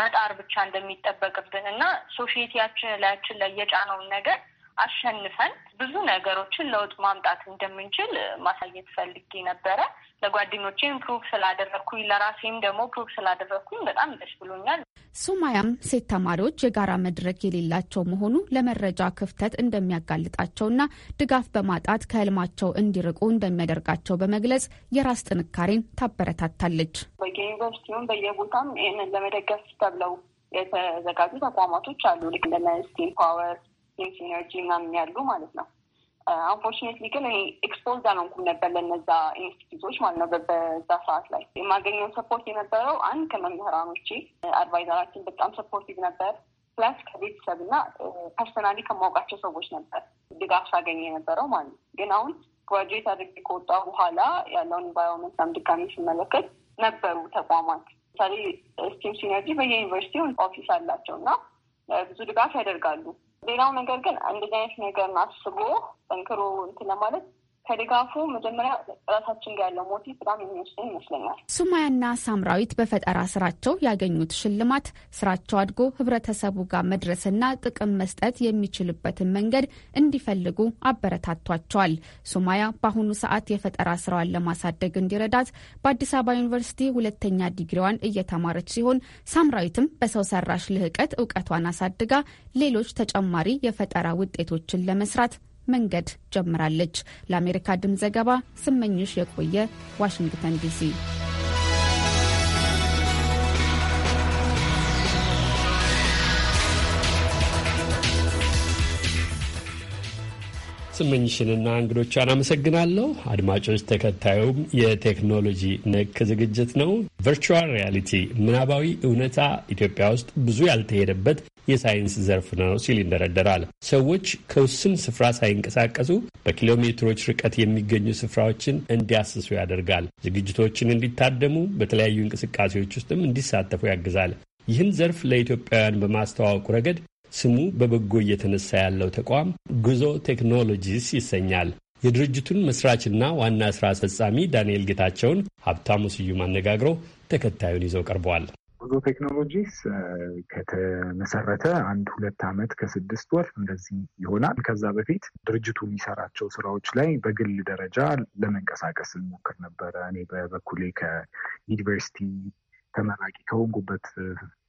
መጣር ብቻ እንደሚጠበቅብን እና ሶሽቲያችን ላያችን ላይ የጫነውን ነገር አሸንፈን ብዙ ነገሮችን ለውጥ ማምጣት እንደምንችል ማሳየት ፈልጌ ነበረ። ለጓደኞቼም ፕሩቭ ስላደረግኩኝ፣ ለራሴም ደግሞ ፕሩቭ ስላደረግኩኝ በጣም ደስ ብሎኛል። ሱማያም ሴት ተማሪዎች የጋራ መድረክ የሌላቸው መሆኑ ለመረጃ ክፍተት እንደሚያጋልጣቸውና ድጋፍ በማጣት ከህልማቸው እንዲርቁ እንደሚያደርጋቸው በመግለጽ የራስ ጥንካሬን ታበረታታለች። በየዩኒቨርሲቲውም በየቦታም ይህንን ለመደገፍ ተብለው የተዘጋጁ ተቋማቶች አሉ ልክ እንደነ ስቴል ፓወር የኢንጂነርጂ ምናምን ያሉ ማለት ነው። አንፎርችኔትሊ ግን እኔ ኤክስፖዝ አልሆንኩም ነበር ለነዛ ኢንስቲትዩቶች ማለት ነው። በዛ ሰዓት ላይ የማገኘው ሰፖርት የነበረው አንድ ከመምህራኖቼ አድቫይዘራችን በጣም ሰፖርቲቭ ነበር። ፕላስ ከቤተሰብ እና ፐርሰናሊ ከማውቃቸው ሰዎች ነበር ድጋፍ ሳገኘ የነበረው ማለት ነው። ግን አሁን ግራጁዌት አድርጌ ከወጣ በኋላ ያለውን ኢንቫይሮንመንት ናም ድጋሚ ስመለከት ነበሩ ተቋማት ለምሳሌ ስቲም ሲነርጂ በየዩኒቨርሲቲው ኦፊስ አላቸው እና ብዙ ድጋፍ ያደርጋሉ ሌላው ነገር ግን እንደዚህ አይነት ነገር አስቦ ጠንክሮ እንትን ለማለት ከድጋፉ መጀመሪያ ራሳችን ጋር ያለው ሞቲቭ በጣም ይመስለኛል። ሱማያና ሳምራዊት በፈጠራ ስራቸው ያገኙት ሽልማት ስራቸው አድጎ ህብረተሰቡ ጋር መድረስና ጥቅም መስጠት የሚችልበትን መንገድ እንዲፈልጉ አበረታቷቸዋል። ሱማያ በአሁኑ ሰዓት የፈጠራ ስራዋን ለማሳደግ እንዲረዳት በአዲስ አበባ ዩኒቨርሲቲ ሁለተኛ ዲግሪዋን እየተማረች ሲሆን፣ ሳምራዊትም በሰው ሰራሽ ልህቀት እውቀቷን አሳድጋ ሌሎች ተጨማሪ የፈጠራ ውጤቶችን ለመስራት መንገድ ጀምራለች። ለአሜሪካ ድምፅ ዘገባ ስመኝሽ የቆየ ዋሽንግተን ዲሲ ስመኝሽንና እንግዶቿን አመሰግናለሁ። አድማጮች፣ ተከታዩም የቴክኖሎጂ ነክ ዝግጅት ነው። ቨርቹዋል ሪያሊቲ ምናባዊ እውነታ ኢትዮጵያ ውስጥ ብዙ ያልተሄደበት የሳይንስ ዘርፍ ነው ሲል ይንደረደራል። ሰዎች ከውስን ስፍራ ሳይንቀሳቀሱ በኪሎ ሜትሮች ርቀት የሚገኙ ስፍራዎችን እንዲያስሱ ያደርጋል። ዝግጅቶችን እንዲታደሙ፣ በተለያዩ እንቅስቃሴዎች ውስጥም እንዲሳተፉ ያግዛል። ይህን ዘርፍ ለኢትዮጵያውያን በማስተዋወቁ ረገድ ስሙ በበጎ እየተነሳ ያለው ተቋም ጉዞ ቴክኖሎጂስ ይሰኛል። የድርጅቱን መስራችና ዋና ስራ አስፈጻሚ ዳንኤል ጌታቸውን ሀብታሙ ስዩም አነጋግሮ ተከታዩን ይዘው ቀርበዋል። ጉዞ ቴክኖሎጂስ ከተመሰረተ አንድ ሁለት ዓመት ከስድስት ወር እንደዚህ ይሆናል። ከዛ በፊት ድርጅቱ የሚሰራቸው ስራዎች ላይ በግል ደረጃ ለመንቀሳቀስ እንሞክር ነበረ። እኔ በበኩሌ ከዩኒቨርሲቲ ተመራቂ ከሆንጉበት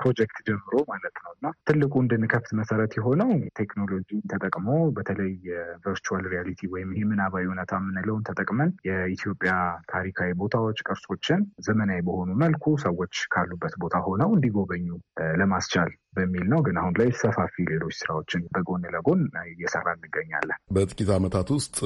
ፕሮጀክት ጀምሮ ማለት ነው እና ትልቁ እንድንከፍት መሰረት የሆነው ቴክኖሎጂ ተጠቅሞ በተለይ የቨርቹዋል ሪያሊቲ ወይም ይህ ምናባዊ እውነታ የምንለውን ተጠቅመን የኢትዮጵያ ታሪካዊ ቦታዎች፣ ቅርሶችን ዘመናዊ በሆኑ መልኩ ሰዎች ካሉበት ቦታ ሆነው እንዲጎበኙ ለማስቻል በሚል ነው። ግን አሁን ላይ ሰፋፊ ሌሎች ስራዎችን በጎን ለጎን እየሰራ እንገኛለን። በጥቂት ዓመታት ውስጥ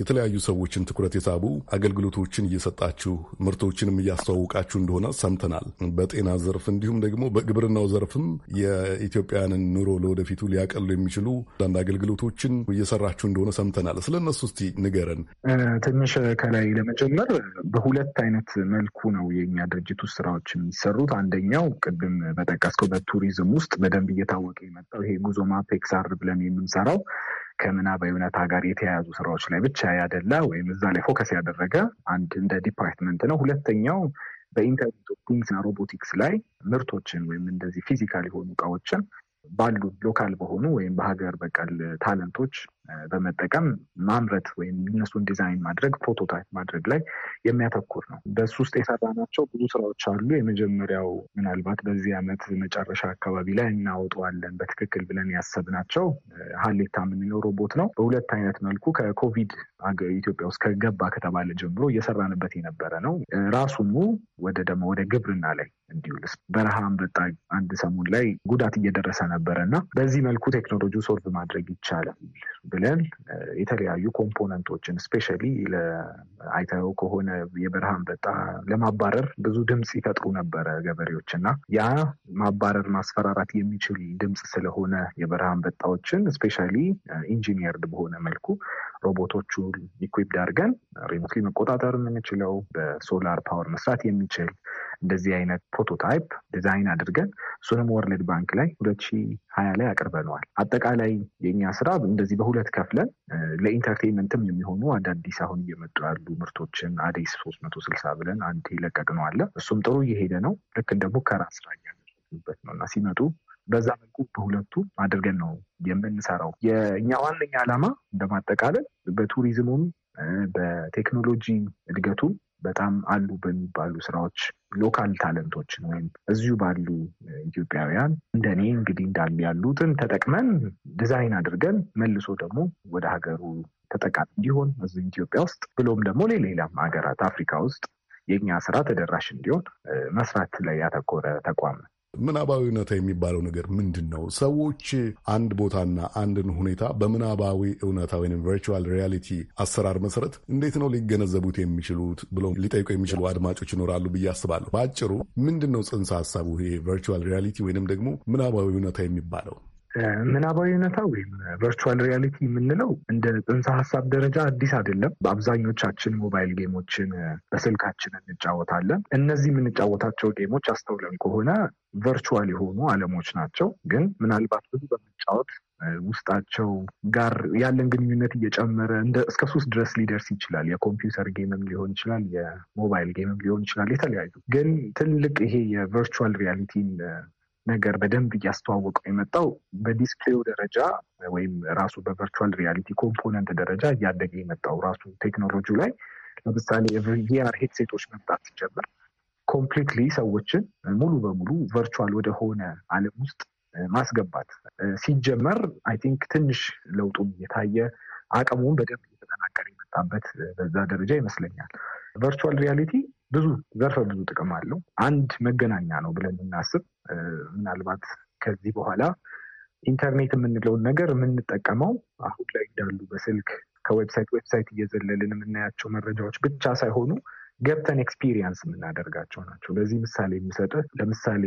የተለያዩ ሰዎችን ትኩረት የሳቡ አገልግሎቶችን እየሰጣችሁ ምርቶችንም እያስተዋውቃችሁ እንደሆነ ሰምተናል። በጤና ዘርፍ እንዲሁም ደግሞ በግብርናው ዘርፍም የኢትዮጵያንን ኑሮ ለወደፊቱ ሊያቀሉ የሚችሉ አንዳንድ አገልግሎቶችን እየሰራችሁ እንደሆነ ሰምተናል። ስለ እነሱ እስቲ ንገረን ትንሽ። ከላይ ለመጀመር በሁለት አይነት መልኩ ነው የኛ ድርጅቱ ስራዎች የሚሰሩት። አንደኛው ቅድም በጠቀስከው በቱሪዝም ውስጥ በደንብ እየታወቀ የመጣው ይሄ ጉዞ ማፔክሳር ብለን የምንሰራው ከምናባዊ እውነታ ጋር የተያያዙ ስራዎች ላይ ብቻ ያደላ ወይም እዛ ላይ ፎከስ ያደረገ አንድ እንደ ዲፓርትመንት ነው። ሁለተኛው በኢንተርኔት ኦፍ ቲንግስ እና ሮቦቲክስ ላይ ምርቶችን ወይም እንደዚህ ፊዚካል የሆኑ እቃዎችን ባሉ ሎካል በሆኑ ወይም በሀገር በቀል ታለንቶች በመጠቀም ማምረት ወይም እነሱን ዲዛይን ማድረግ ፕሮቶታይፕ ማድረግ ላይ የሚያተኩር ነው። በሱ ውስጥ የሰራናቸው ብዙ ስራዎች አሉ። የመጀመሪያው ምናልባት በዚህ ዓመት መጨረሻ አካባቢ ላይ እናወጠዋለን በትክክል ብለን ያሰብናቸው ሀሌታ የምንለው ሮቦት ነው። በሁለት አይነት መልኩ ከኮቪድ ኢትዮጵያ ውስጥ ከገባ ከተባለ ጀምሮ እየሰራንበት የነበረ ነው። ራሱኑ ወደ ደግሞ ወደ ግብርና ላይ እንዲውልስ በረሃ አንበጣ አንድ ሰሞን ላይ ጉዳት እየደረሰ ነበረ እና በዚህ መልኩ ቴክኖሎጂ ሶልቭ ማድረግ ይቻላል ብለን የተለያዩ ኮምፖነንቶችን ስፔሻሊ አይተው ከሆነ የበረሃ አንበጣ ለማባረር ብዙ ድምፅ ይፈጥሩ ነበረ ገበሬዎች እና ያ ማባረር ማስፈራራት የሚችል ድምፅ ስለሆነ የበረሃ አንበጣዎችን ስፔሻሊ ኢንጂኒየርድ በሆነ መልኩ ሮቦቶቹ ኢኩዊፕድ አድርገን ሪሞትሊ መቆጣጠር የምንችለው በሶላር ፓወር መስራት የሚችል እንደዚህ አይነት ፕሮቶታይፕ ዲዛይን አድርገን እሱንም ወርልድ ባንክ ላይ ሁለት ሀያ ላይ አቅርበነዋል። አጠቃላይ የኛ ስራ እንደዚህ በሁለት ከፍለን ለኢንተርቴንመንትም የሚሆኑ አዳዲስ አሁን እየመጡ ያሉ ምርቶችን አዲስ ሶስት መቶ ስልሳ ብለን አንድ ይለቀቅ ነው አለ። እሱም ጥሩ እየሄደ ነው። ልክ እንደ ሙከራ ስራ እያደረጉበት ነው እና ሲመጡ በዛ መልኩ በሁለቱ አድርገን ነው የምንሰራው። የእኛ ዋነኛ ዓላማ እንደማጠቃለል በቱሪዝሙም በቴክኖሎጂ እድገቱም በጣም አሉ በሚባሉ ስራዎች ሎካል ታለንቶችን ወይም እዚሁ ባሉ ኢትዮጵያውያን እንደኔ እንግዲህ እንዳሉ ያሉትን ተጠቅመን ዲዛይን አድርገን መልሶ ደግሞ ወደ ሀገሩ ተጠቃሚ እንዲሆን እዚህ ኢትዮጵያ ውስጥ ብሎም ደግሞ ሌላም ሀገራት አፍሪካ ውስጥ የእኛ ስራ ተደራሽ እንዲሆን መስራት ላይ ያተኮረ ተቋም ነው። ምናባዊነት የሚባለው ነገር ምንድን ነው? ሰዎች አንድ ቦታና አንድን ሁኔታ በምናባዊ እውነታ ወይም ቨርቹዋል ሪያሊቲ አሰራር መሰረት እንዴት ነው ሊገነዘቡት የሚችሉት ብለው ሊጠይቁ የሚችሉ አድማጮች ይኖራሉ ብዬ አስባለሁ። በአጭሩ ምንድን ነው ጽንሰ ሀሳቡ ይሄ ቨርቹዋል ሪያሊቲ ወይንም ደግሞ ምናባዊ እውነታ የሚባለው? ምናባዊ እውነታ ወይም ቨርቹዋል ሪያሊቲ የምንለው እንደ ጽንሰ ሀሳብ ደረጃ አዲስ አይደለም። በአብዛኞቻችን ሞባይል ጌሞችን በስልካችን እንጫወታለን። እነዚህ የምንጫወታቸው ጌሞች አስተውለን ከሆነ ቨርቹዋል የሆኑ ዓለሞች ናቸው። ግን ምናልባት ብዙ በመጫወት ውስጣቸው ጋር ያለን ግንኙነት እየጨመረ እስከ ሶስት ድረስ ሊደርስ ይችላል። የኮምፒውተር ጌምም ሊሆን ይችላል፣ የሞባይል ጌምም ሊሆን ይችላል። የተለያዩ ግን ትልቅ ይሄ የቨርቹዋል ሪያሊቲን ነገር በደንብ እያስተዋወቀው የመጣው በዲስፕሌው ደረጃ ወይም ራሱ በቨርቹዋል ሪያሊቲ ኮምፖነንት ደረጃ እያደገ የመጣው ራሱ ቴክኖሎጂው ላይ ለምሳሌ ቪአር ሄድሴቶች መምጣት ሲጀምር ኮምፕሊትሊ ሰዎችን ሙሉ በሙሉ ቨርቹዋል ወደሆነ አለም ውስጥ ማስገባት ሲጀመር አይ ቲንክ ትንሽ ለውጡም የታየ አቅሙን በደንብ እየተጠናከረ የመጣበት በዛ ደረጃ ይመስለኛል። ቨርቹዋል ሪያሊቲ ብዙ ዘርፈ ብዙ ጥቅም አለው። አንድ መገናኛ ነው ብለን እናስብ። ምናልባት ከዚህ በኋላ ኢንተርኔት የምንለውን ነገር የምንጠቀመው አሁን ላይ እንዳሉ በስልክ ከዌብሳይት ዌብሳይት እየዘለልን የምናያቸው መረጃዎች ብቻ ሳይሆኑ ገብተን ኤክስፒሪየንስ የምናደርጋቸው ናቸው። ለዚህ ምሳሌ የሚሰጥ ለምሳሌ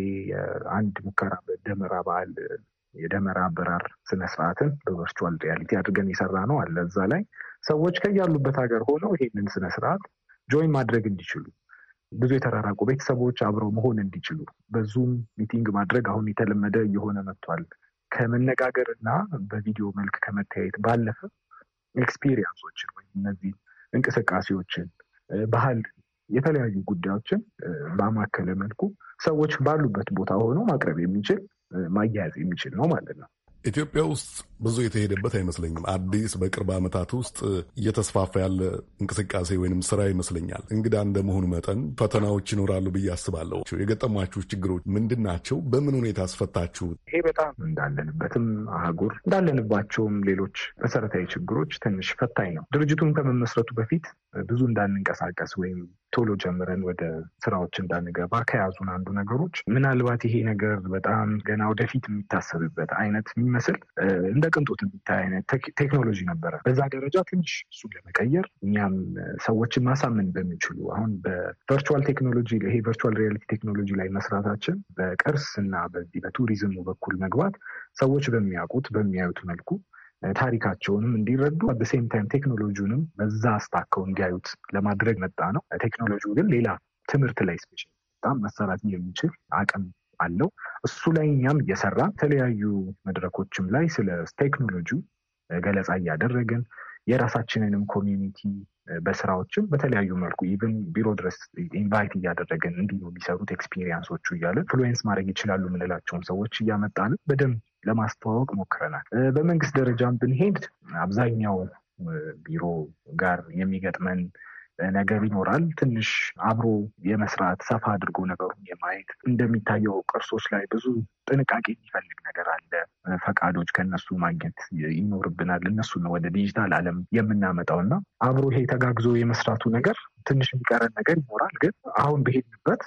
አንድ ሙከራ በደመራ በዓል የደመራ አበራር ስነስርዓትን በቨርቹዋል ሪያሊቲ አድርገን የሰራ ነው አለ። እዛ ላይ ሰዎች ከያሉበት ሀገር ሆነው ይሄንን ስነስርዓት ጆይን ማድረግ እንዲችሉ ብዙ የተራራቁ ቤተሰቦች አብረው መሆን እንዲችሉ በዙም ሚቲንግ ማድረግ አሁን የተለመደ እየሆነ መጥቷል። ከመነጋገር እና በቪዲዮ መልክ ከመተያየት ባለፈ ኤክስፒሪየንሶችን ወይም እነዚህ እንቅስቃሴዎችን፣ ባህል፣ የተለያዩ ጉዳዮችን ባማከለ መልኩ ሰዎች ባሉበት ቦታ ሆኖ ማቅረብ የሚችል ማያያዝ የሚችል ነው ማለት ነው። ኢትዮጵያ ውስጥ ብዙ የተሄደበት አይመስለኝም። አዲስ በቅርብ ዓመታት ውስጥ እየተስፋፋ ያለ እንቅስቃሴ ወይንም ስራ ይመስለኛል። እንግዳ እንደመሆኑ መጠን ፈተናዎች ይኖራሉ ብዬ አስባለሁ። የገጠሟችሁ ችግሮች ምንድን ናቸው? በምን ሁኔታ አስፈታችሁ? ይሄ በጣም እንዳለንበትም አህጉር እንዳለንባቸውም ሌሎች መሰረታዊ ችግሮች ትንሽ ፈታኝ ነው። ድርጅቱን ከመመስረቱ በፊት ብዙ እንዳንንቀሳቀስ ወይም ቶሎ ጀምረን ወደ ስራዎች እንዳንገባ ከያዙን አንዱ ነገሮች ምናልባት ይሄ ነገር በጣም ገና ወደፊት የሚታሰብበት አይነት የሚመስል እንደ ቅንጦት የሚታይ አይነት ቴክኖሎጂ ነበረ። በዛ ደረጃ ትንሽ እሱን ለመቀየር እኛም ሰዎችን ማሳመን በሚችሉ አሁን በቨርቹዋል ቴክኖሎጂ ይሄ ቨርቹዋል ሪያሊቲ ቴክኖሎጂ ላይ መስራታችን በቅርስ እና በዚህ በቱሪዝሙ በኩል መግባት ሰዎች በሚያውቁት በሚያዩት መልኩ ታሪካቸውንም እንዲረዱ በሴም ታይም ቴክኖሎጂውንም በዛ አስታከው እንዲያዩት ለማድረግ መጣ ነው። ቴክኖሎጂው ግን ሌላ ትምህርት ላይ ስፔሻል በጣም መሰራት የሚችል አቅም አለው። እሱ ላይ እኛም እየሰራ የተለያዩ መድረኮችም ላይ ስለ ቴክኖሎጂ ገለጻ እያደረግን የራሳችንንም ኮሚኒቲ በስራዎችም በተለያዩ መልኩ ኢቨን ቢሮ ድረስ ኢንቫይት እያደረገን እንዲህ ነው የሚሰሩት ኤክስፒሪየንሶቹ እያለ ፍሉዌንስ ማድረግ ይችላሉ የምንላቸውን ሰዎች እያመጣን በደንብ ለማስተዋወቅ ሞክረናል። በመንግስት ደረጃም ብንሄድ አብዛኛው ቢሮ ጋር የሚገጥመን ነገር ይኖራል። ትንሽ አብሮ የመስራት ሰፋ አድርጎ ነገሩን የማየት እንደሚታየው ቅርሶች ላይ ብዙ ጥንቃቄ የሚፈልግ ነገር አለ። ፈቃዶች ከነሱ ማግኘት ይኖርብናል። እነሱን ወደ ዲጂታል ዓለም የምናመጣው እና አብሮ ይሄ ተጋግዞ የመስራቱ ነገር ትንሽ የሚቀረን ነገር ይኖራል። ግን አሁን በሄድንበት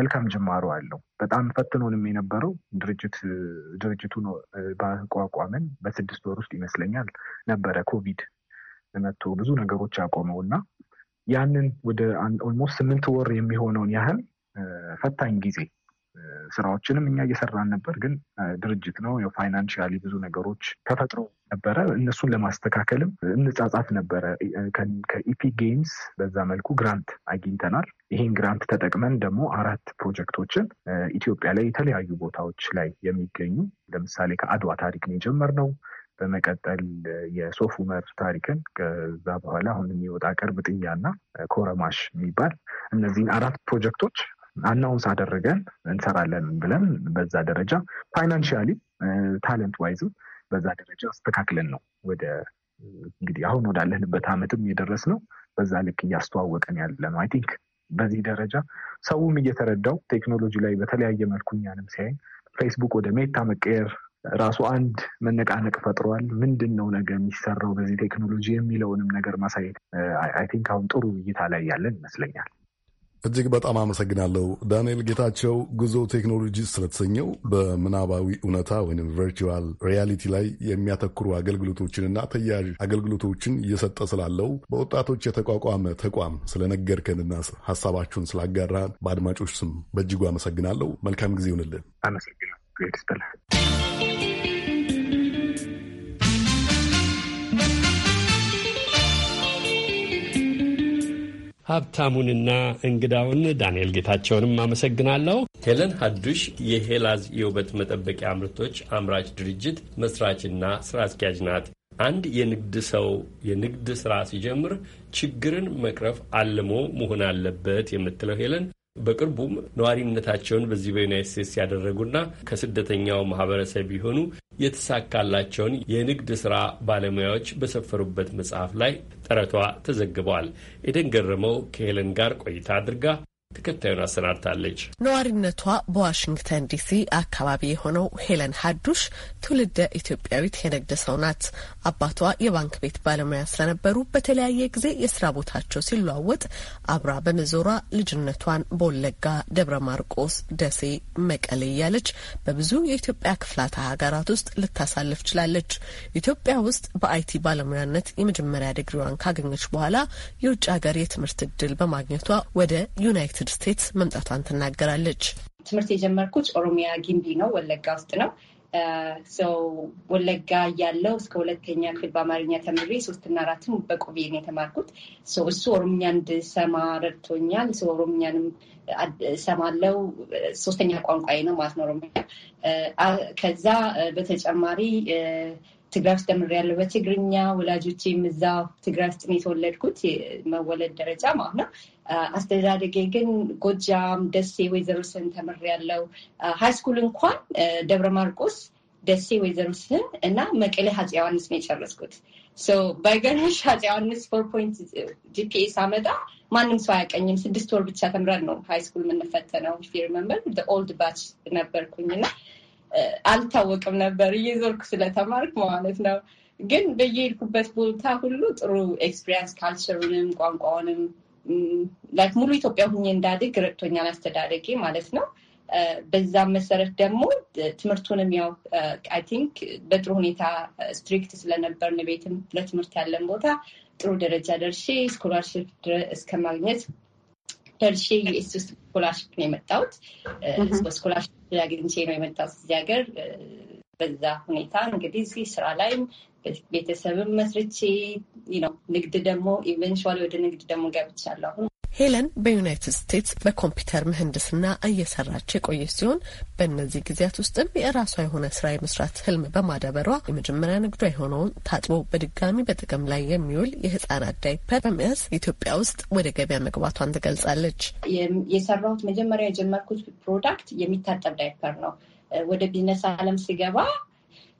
መልካም ጅማሮ አለው። በጣም ፈትኖንም የነበረው ድርጅት ድርጅቱን ባቋቋመን በስድስት ወር ውስጥ ይመስለኛል ነበረ ኮቪድ መጥቶ ብዙ ነገሮች ያቆመው እና ያንን ወደ ኦልሞስት ስምንት ወር የሚሆነውን ያህል ፈታኝ ጊዜ ስራዎችንም እኛ እየሰራን ነበር። ግን ድርጅት ነው ፋይናንሽያሊ ብዙ ነገሮች ተፈጥሮ ነበረ። እነሱን ለማስተካከልም እንጻጻፍ ነበረ። ከኢፒ ጌምስ በዛ መልኩ ግራንት አግኝተናል። ይህን ግራንት ተጠቅመን ደግሞ አራት ፕሮጀክቶችን ኢትዮጵያ ላይ የተለያዩ ቦታዎች ላይ የሚገኙ ለምሳሌ ከአድዋ ታሪክ ነው የጀመርነው። በመቀጠል የሶፍ ውመር ታሪክን ከዛ በኋላ አሁን የሚወጣ ቅርብ ጥያና ኮረማሽ የሚባል እነዚህን አራት ፕሮጀክቶች አናውንስ አደረገን እንሰራለን ብለን በዛ ደረጃ ፋይናንሽያሊ ታለንት ዋይዝ በዛ ደረጃ አስተካክለን ነው ወደ እንግዲህ አሁን ወዳለንበት አመትም የደረስ ነው። በዛ ልክ እያስተዋወቀን ያለ ነው። አይ ቲንክ በዚህ ደረጃ ሰውም እየተረዳው ቴክኖሎጂ ላይ በተለያየ መልኩ እኛንም ሲያይ ፌስቡክ ወደ ሜታ መቀየር ራሱ አንድ መነቃነቅ ፈጥሯል። ምንድን ነው ነገ የሚሰራው በዚህ ቴክኖሎጂ የሚለውንም ነገር ማሳየት አይ ቲንክ አሁን ጥሩ እይታ ላይ ያለን ይመስለኛል። እጅግ በጣም አመሰግናለሁ ዳንኤል ጌታቸው። ጉዞ ቴክኖሎጂ ስለተሰኘው በምናባዊ እውነታ ወይም ቨርቹዋል ሪያሊቲ ላይ የሚያተኩሩ አገልግሎቶችንና ተያያዥ አገልግሎቶችን እየሰጠ ስላለው በወጣቶች የተቋቋመ ተቋም ስለነገርከንና ሀሳባችሁን ስላጋራን በአድማጮች ስም በእጅጉ አመሰግናለሁ። መልካም ጊዜ ይሁንልን። አመሰግናለሁ። ሀብታሙንና እንግዳውን ዳንኤል ጌታቸውንም አመሰግናለሁ። ሄለን ሀዱሽ የሄላዝ የውበት መጠበቂያ ምርቶች አምራች ድርጅት መስራችና ስራ አስኪያጅ ናት። አንድ የንግድ ሰው የንግድ ስራ ሲጀምር ችግርን መቅረፍ አልሞ መሆን አለበት የምትለው ሄለን በቅርቡም ነዋሪነታቸውን በዚህ በዩናይት ስቴትስ ያደረጉና ከስደተኛው ማህበረሰብ የሆኑ የተሳካላቸውን የንግድ ስራ ባለሙያዎች በሰፈሩበት መጽሐፍ ላይ ጥረቷ ተዘግበዋል። ኤደን ገረመው ከሄለን ጋር ቆይታ አድርጋ ተከታዩን አሰናድታለች። ነዋሪነቷ በዋሽንግተን ዲሲ አካባቢ የሆነው ሄለን ሀዱሽ ትውልደ ኢትዮጵያዊት የንግድ ሰው ናት። አባቷ የባንክ ቤት ባለሙያ ስለነበሩ በተለያየ ጊዜ የስራ ቦታቸው ሲለዋወጥ አብራ በመዞሯ ልጅነቷን በወለጋ፣ ደብረ ማርቆስ፣ ደሴ፣ መቀሌ እያለች በብዙ የኢትዮጵያ ክፍላተ ሀገራት ውስጥ ልታሳልፍ ችላለች። ኢትዮጵያ ውስጥ በአይቲ ባለሙያነት የመጀመሪያ ዲግሪዋን ካገኘች በኋላ የውጭ ሀገር የትምህርት እድል በማግኘቷ ወደ ዩናይትድ ዩናይትድ ስቴትስ መምጣቷን ትናገራለች። ትምህርት የጀመርኩት ኦሮሚያ ጊምቢ ነው፣ ወለጋ ውስጥ ነው። ሰው ወለጋ ያለው እስከ ሁለተኛ ክፍል በአማርኛ ተምሬ ሶስትና አራትም በቆቤ ነው የተማርኩት። እሱ ኦሮምኛ እንድሰማ ረድቶኛል። ኦሮምኛንም እሰማለው ሶስተኛ ቋንቋዬ ነው ማለት ነው ኦሮምኛ። ከዛ በተጨማሪ ትግራይ ውስጥ ያለው በትግርኛ። ወላጆቼም እዛው ትግራይ ውስጥ የተወለድኩት መወለድ ደረጃ ማለት ነው። አስተዳደጌ ግን ጎጃም፣ ደሴ፣ ወይዘሮ ስህን ተምር ተምሬያለሁ። ሃይስኩል እንኳን ደብረ ማርቆስ፣ ደሴ፣ ወይዘሮ ስህን እና መቀሌ አፄ ዮሐንስ ነው የጨረስኩት። ባይገርምሽ አፄ ዮሐንስ ፎር ፖይንት ጂፒኤ ሳመጣ ማንም ሰው አያቀኝም። ስድስት ወር ብቻ ተምረን ነው ሃይስኩል የምንፈተነው። ፊርመንበር ኦልድ ባች ነበርኩኝ እና አልታወቅም ነበር እየዞርኩ ስለተማርክ ማለት ነው። ግን በየሄድኩበት ቦታ ሁሉ ጥሩ ኤክስፒሪንስ ካልቸሩንም ቋንቋውንም ላይክ ሙሉ ኢትዮጵያ ሁኜ እንዳድግ ረድቶኛል አስተዳደጌ ማለት ነው። በዛም መሰረት ደግሞ ትምህርቱንም ያው አይ ቲንክ በጥሩ ሁኔታ ስትሪክት ስለነበርን ቤትም ለትምህርት ያለን ቦታ ጥሩ ደረጃ ደርሼ ስኮላርሽፕ እስከ ማግኘት ፐርሺ ዩኤስ ውስጥ ስኮላርሽፕ ነው የመጣሁት። ስኮላርሽፕ አግኝቼ ነው የመጣሁት እዚህ ሀገር። በዛ ሁኔታ እንግዲህ እዚህ ስራ ላይም ቤተሰብም መስርቼ ነው። ንግድ ደግሞ ኢቨንቹዋሊ ወደ ንግድ ደግሞ ገብቻለሁ አሁን ሄለን በዩናይትድ ስቴትስ በኮምፒውተር ምህንድስና እየሰራች የቆየች ሲሆን በእነዚህ ጊዜያት ውስጥም የራሷ የሆነ ስራ የመስራት ህልም በማዳበሯ የመጀመሪያ ንግዷ የሆነውን ታጥቦ በድጋሚ በጥቅም ላይ የሚውል የህጻናት ዳይፐር በመያዝ ኢትዮጵያ ውስጥ ወደ ገበያ መግባቷን ትገልጻለች። የሰራሁት መጀመሪያ የጀመርኩት ፕሮዳክት የሚታጠብ ዳይፐር ነው። ወደ ቢዝነስ አለም ስገባ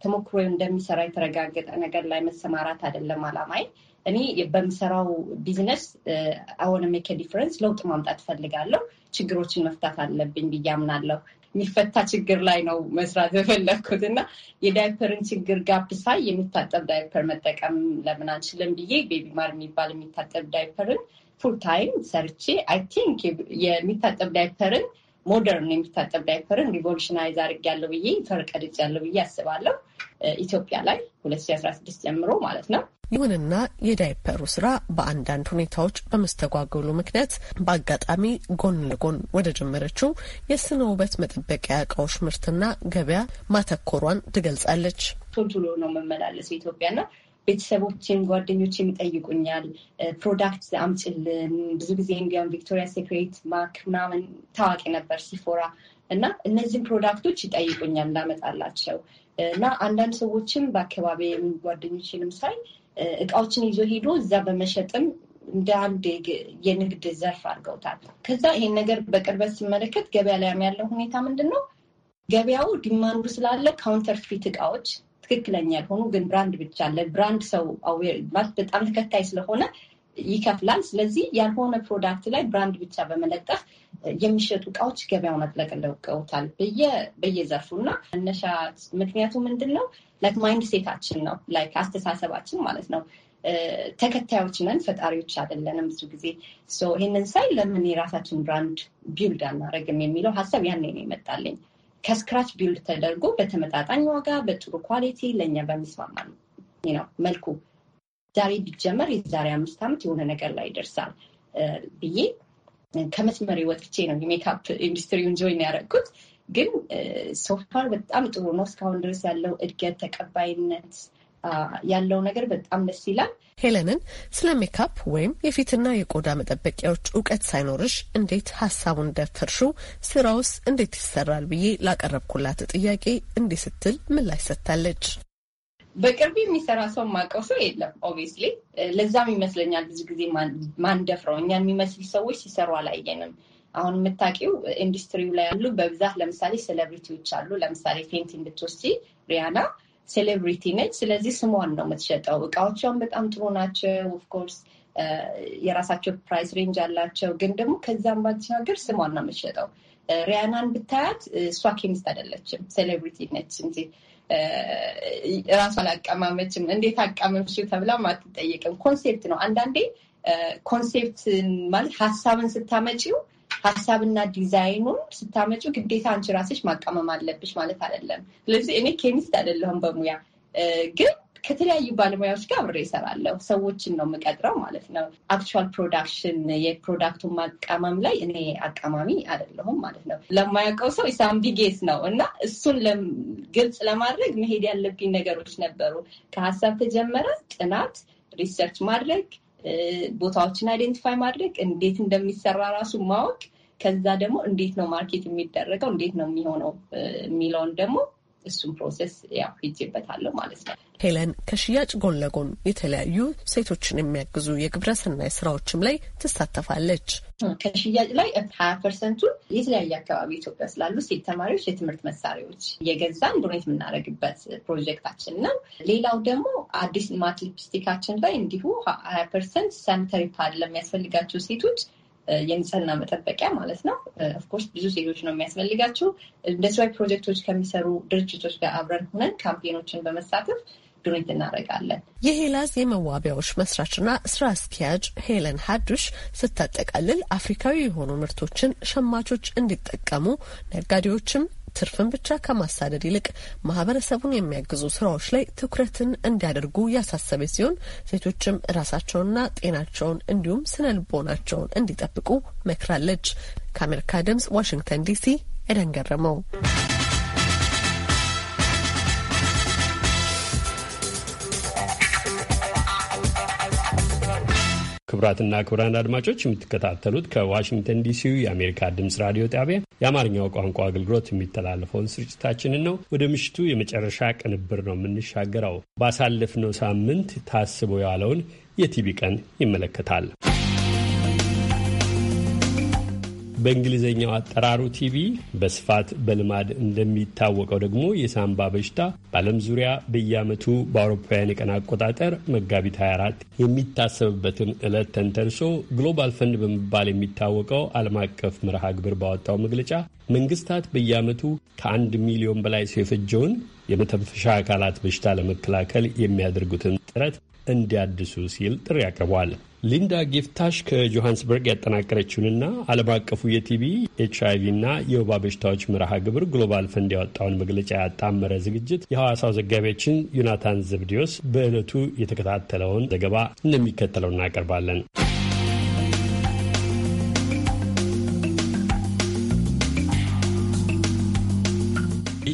ተሞክሮ እንደሚሰራ የተረጋገጠ ነገር ላይ መሰማራት አይደለም አላማዬ እኔ በምሰራው ቢዝነስ አሁን ሜክ ዲፍረንስ ለውጥ ማምጣት ፈልጋለሁ፣ ችግሮችን መፍታት አለብኝ ብዬ አምናለሁ። የሚፈታ ችግር ላይ ነው መስራት የፈለግኩት እና የዳይፐርን ችግር ጋፕ ሳይ የሚታጠብ ዳይፐር መጠቀም ለምን አንችልም ብዬ ቤቢ ማር የሚባል የሚታጠብ ዳይፐርን ፉል ታይም ሰርቼ አይ ቲንክ የሚታጠብ ዳይፐርን ሞደርን የሚታጠብ ዳይፐርን ሪቮሉሽናይዝ አድርጌያለሁ ብዬ ፈርቀድጭ ያለው ብዬ አስባለሁ። ኢትዮጵያ ላይ 2016 ጀምሮ ማለት ነው። ይሁንና የዳይፐሩ ስራ በአንዳንድ ሁኔታዎች በመስተጓገሉ ምክንያት በአጋጣሚ ጎን ለጎን ወደ ጀመረችው የስነ ውበት መጠበቂያ እቃዎች ምርትና ገበያ ማተኮሯን ትገልጻለች። ቶሎ ቶሎ ነው መመላለስ ኢትዮጵያና ቤተሰቦችን ጓደኞች ይጠይቁኛል፣ ፕሮዳክት አምጭልን። ብዙ ጊዜ እንዲያውም ቪክቶሪያ ሴክሬት፣ ማክ ምናምን ታዋቂ ነበር ሲፎራ እና እነዚህም ፕሮዳክቶች ይጠይቁኛል እንዳመጣላቸው እና አንዳንድ ሰዎችም በአካባቢ ጓደኞችንም ሳይ እቃዎችን ይዞ ሄዶ እዛ በመሸጥም እንደ አንድ የንግድ ዘርፍ አድርገውታል። ከዛ ይሄን ነገር በቅርበት ስመለከት ገበያ ላይ ያለው ሁኔታ ምንድን ነው? ገበያው ዲማንዱ ስላለ ካውንተርፊት እቃዎች ትክክለኛ ያልሆኑ ግን ብራንድ ብቻ አለ። ብራንድ ሰው ማለት በጣም ተከታይ ስለሆነ ይከፍላል። ስለዚህ ያልሆነ ፕሮዳክት ላይ ብራንድ ብቻ በመለጠፍ የሚሸጡ እቃዎች ገበያውን አጥለቅልቀውታል በየዘርፉ እና መነሻ ምክንያቱ ምንድን ነው? ላይክ ማይንድ ሴታችን ነው፣ ላይክ አስተሳሰባችን ማለት ነው። ተከታዮች ነን፣ ፈጣሪዎች አይደለንም። ብዙ ጊዜ ይህንን ሳይ ለምን የራሳችን ብራንድ ቢውልድ አናረግም የሚለው ሀሳብ ያኔ ነው ይመጣልኝ። ከስክራች ቢልድ ተደርጎ በተመጣጣኝ ዋጋ በጥሩ ኳሊቲ ለእኛ በሚስማማ ነው መልኩ ዛሬ ቢጀመር የዛሬ አምስት ዓመት የሆነ ነገር ላይ ይደርሳል ብዬ ከመስመሬ ወጥቼ ነው የሜካፕ ኢንዱስትሪውን ጆይን ያደረግኩት። ግን ሶፋር በጣም ጥሩ ነው። እስካሁን ድረስ ያለው እድገት ተቀባይነት ያለው ነገር በጣም ደስ ይላል። ሄለንን ስለ ሜካፕ ወይም የፊትና የቆዳ መጠበቂያዎች እውቀት ሳይኖርሽ እንዴት ሀሳቡን እንደፈርሽው ስራውስ እንዴት ይሰራል ብዬ ላቀረብኩላት ጥያቄ እንዲህ ስትል ምላሽ ሰጥታለች። በቅርብ የሚሰራ ሰው ማቀው ሰው የለም። ኦብቪየስሊ ለዛም ይመስለኛል ብዙ ጊዜ ማንደፍረው እኛን የሚመስል ሰዎች ሲሰሩ አላየንም። አሁን የምታውቂው ኢንዱስትሪው ላይ ያሉ በብዛት ለምሳሌ ሴሌብሪቲዎች አሉ። ለምሳሌ ፌንት እንድትወስጂ ሪያና ሴሌብሪቲ ነች። ስለዚህ ስሟን ነው የምትሸጠው። እቃዎቿን በጣም ጥሩ ናቸው። ኦፍኮርስ የራሳቸው ፕራይስ ሬንጅ አላቸው። ግን ደግሞ ከዛም ባሻገር ስሟን ነው የምትሸጠው። ሪያናን ብታያት እሷ ኬሚስት አይደለችም፣ ሴሌብሪቲ ነች እንጂ ራሷን አቀማመችም። እንዴት አቀመምሽው ተብላም አትጠየቅም። ኮንሴፕት ነው። አንዳንዴ ኮንሴፕት ማለት ሀሳብን ስታመጪው ሀሳብና ዲዛይኑን ስታመጩ ግዴታ አንቺ ራስሽ ማቀመም አለብሽ ማለት አይደለም። ስለዚህ እኔ ኬሚስት አይደለሁም በሙያ ግን ከተለያዩ ባለሙያዎች ጋር አብሬ እሰራለሁ። ሰዎችን ነው የምቀጥረው ማለት ነው። አክቹዋል ፕሮዳክሽን የፕሮዳክቱን ማቀማም ላይ እኔ አቀማሚ አይደለሁም ማለት ነው። ለማያውቀው ሰው ሳምቢጌስ ነው እና እሱን ግልጽ ለማድረግ መሄድ ያለብኝ ነገሮች ነበሩ። ከሀሳብ ተጀመረ ጥናት፣ ሪሰርች ማድረግ ቦታዎችን አይደንቲፋይ ማድረግ፣ እንዴት እንደሚሰራ ራሱ ማወቅ፣ ከዛ ደግሞ እንዴት ነው ማርኬት የሚደረገው፣ እንዴት ነው የሚሆነው የሚለውን ደግሞ እሱም ፕሮሰስ ያው ሄጄበታለሁ ማለት ነው። ሄለን ከሽያጭ ጎን ለጎን የተለያዩ ሴቶችን የሚያግዙ የግብረ ስራዎችም ላይ ትሳተፋለች። ከሽያጭ ላይ ሀያ ፐርሰንቱን የተለያየ አካባቢ ኢትዮጵያ ስላሉ ሴት ተማሪዎች የትምህርት መሳሪያዎች እየገዛን ዶኔት የምናደርግበት ፕሮጀክታችን ነው። ሌላው ደግሞ አዲስ ማት ሊፕስቲካችን ላይ እንዲሁ ሀያ ፐርሰንት ሳኒተሪ ፓድ ለሚያስፈልጋቸው ሴቶች የንጽህና መጠበቂያ ማለት ነው። ኦፍኮርስ ብዙ ሴቶች ነው የሚያስፈልጋቸው። እንደዚ ፕሮጀክቶች ከሚሰሩ ድርጅቶች ጋር አብረን ሆነን ካምፔኖችን በመሳተፍ ዱሬት እናደርጋለን። የሄላዝ የመዋቢያዎች መስራችና ስራ አስኪያጅ ሄለን ሀዱሽ ስታጠቃልል አፍሪካዊ የሆኑ ምርቶችን ሸማቾች እንዲጠቀሙ ነጋዴዎችም ትርፍን ብቻ ከማሳደድ ይልቅ ማህበረሰቡን የሚያግዙ ስራዎች ላይ ትኩረትን እንዲያደርጉ ያሳሰበ ሲሆን ሴቶችም ራሳቸውንና ጤናቸውን እንዲሁም ስነ ልቦናቸውን እንዲጠብቁ መክራለች። ከአሜሪካ ድምጽ ዋሽንግተን ዲሲ ኤደን ገረመው። ክቡራትና ክቡራን አድማጮች የምትከታተሉት ከዋሽንግተን ዲሲው የአሜሪካ ድምፅ ራዲዮ ጣቢያ የአማርኛው ቋንቋ አገልግሎት የሚተላለፈውን ስርጭታችንን ነው። ወደ ምሽቱ የመጨረሻ ቅንብር ነው የምንሻገረው። ባሳለፍነው ሳምንት ታስቦ የዋለውን የቲቢ ቀን ይመለከታል። በእንግሊዝኛው አጠራሩ ቲቪ በስፋት በልማድ እንደሚታወቀው ደግሞ የሳምባ በሽታ በዓለም ዙሪያ በየዓመቱ በአውሮፓውያን የቀን አቆጣጠር መጋቢት 24 የሚታሰብበትን ዕለት ተንተርሶ ግሎባል ፈንድ በመባል የሚታወቀው ዓለም አቀፍ መርሃ ግብር ባወጣው መግለጫ መንግስታት በየዓመቱ ከአንድ ሚሊዮን በላይ ሰው የፈጀውን የመተንፈሻ አካላት በሽታ ለመከላከል የሚያደርጉትን ጥረት እንዲያድሱ ሲል ጥሪ ያቀርቧል። ሊንዳ ጊፍታሽ ከጆሃንስበርግ ያጠናቀረችውንና ዓለም አቀፉ የቲቢ ኤች አይቪ እና የወባ በሽታዎች መርሃ ግብር ግሎባል ፈንድ ያወጣውን መግለጫ ያጣመረ ዝግጅት የሐዋሳው ዘጋቢያችን ዮናታን ዘብዲዮስ በዕለቱ የተከታተለውን ዘገባ እንደሚከተለው እናቀርባለን።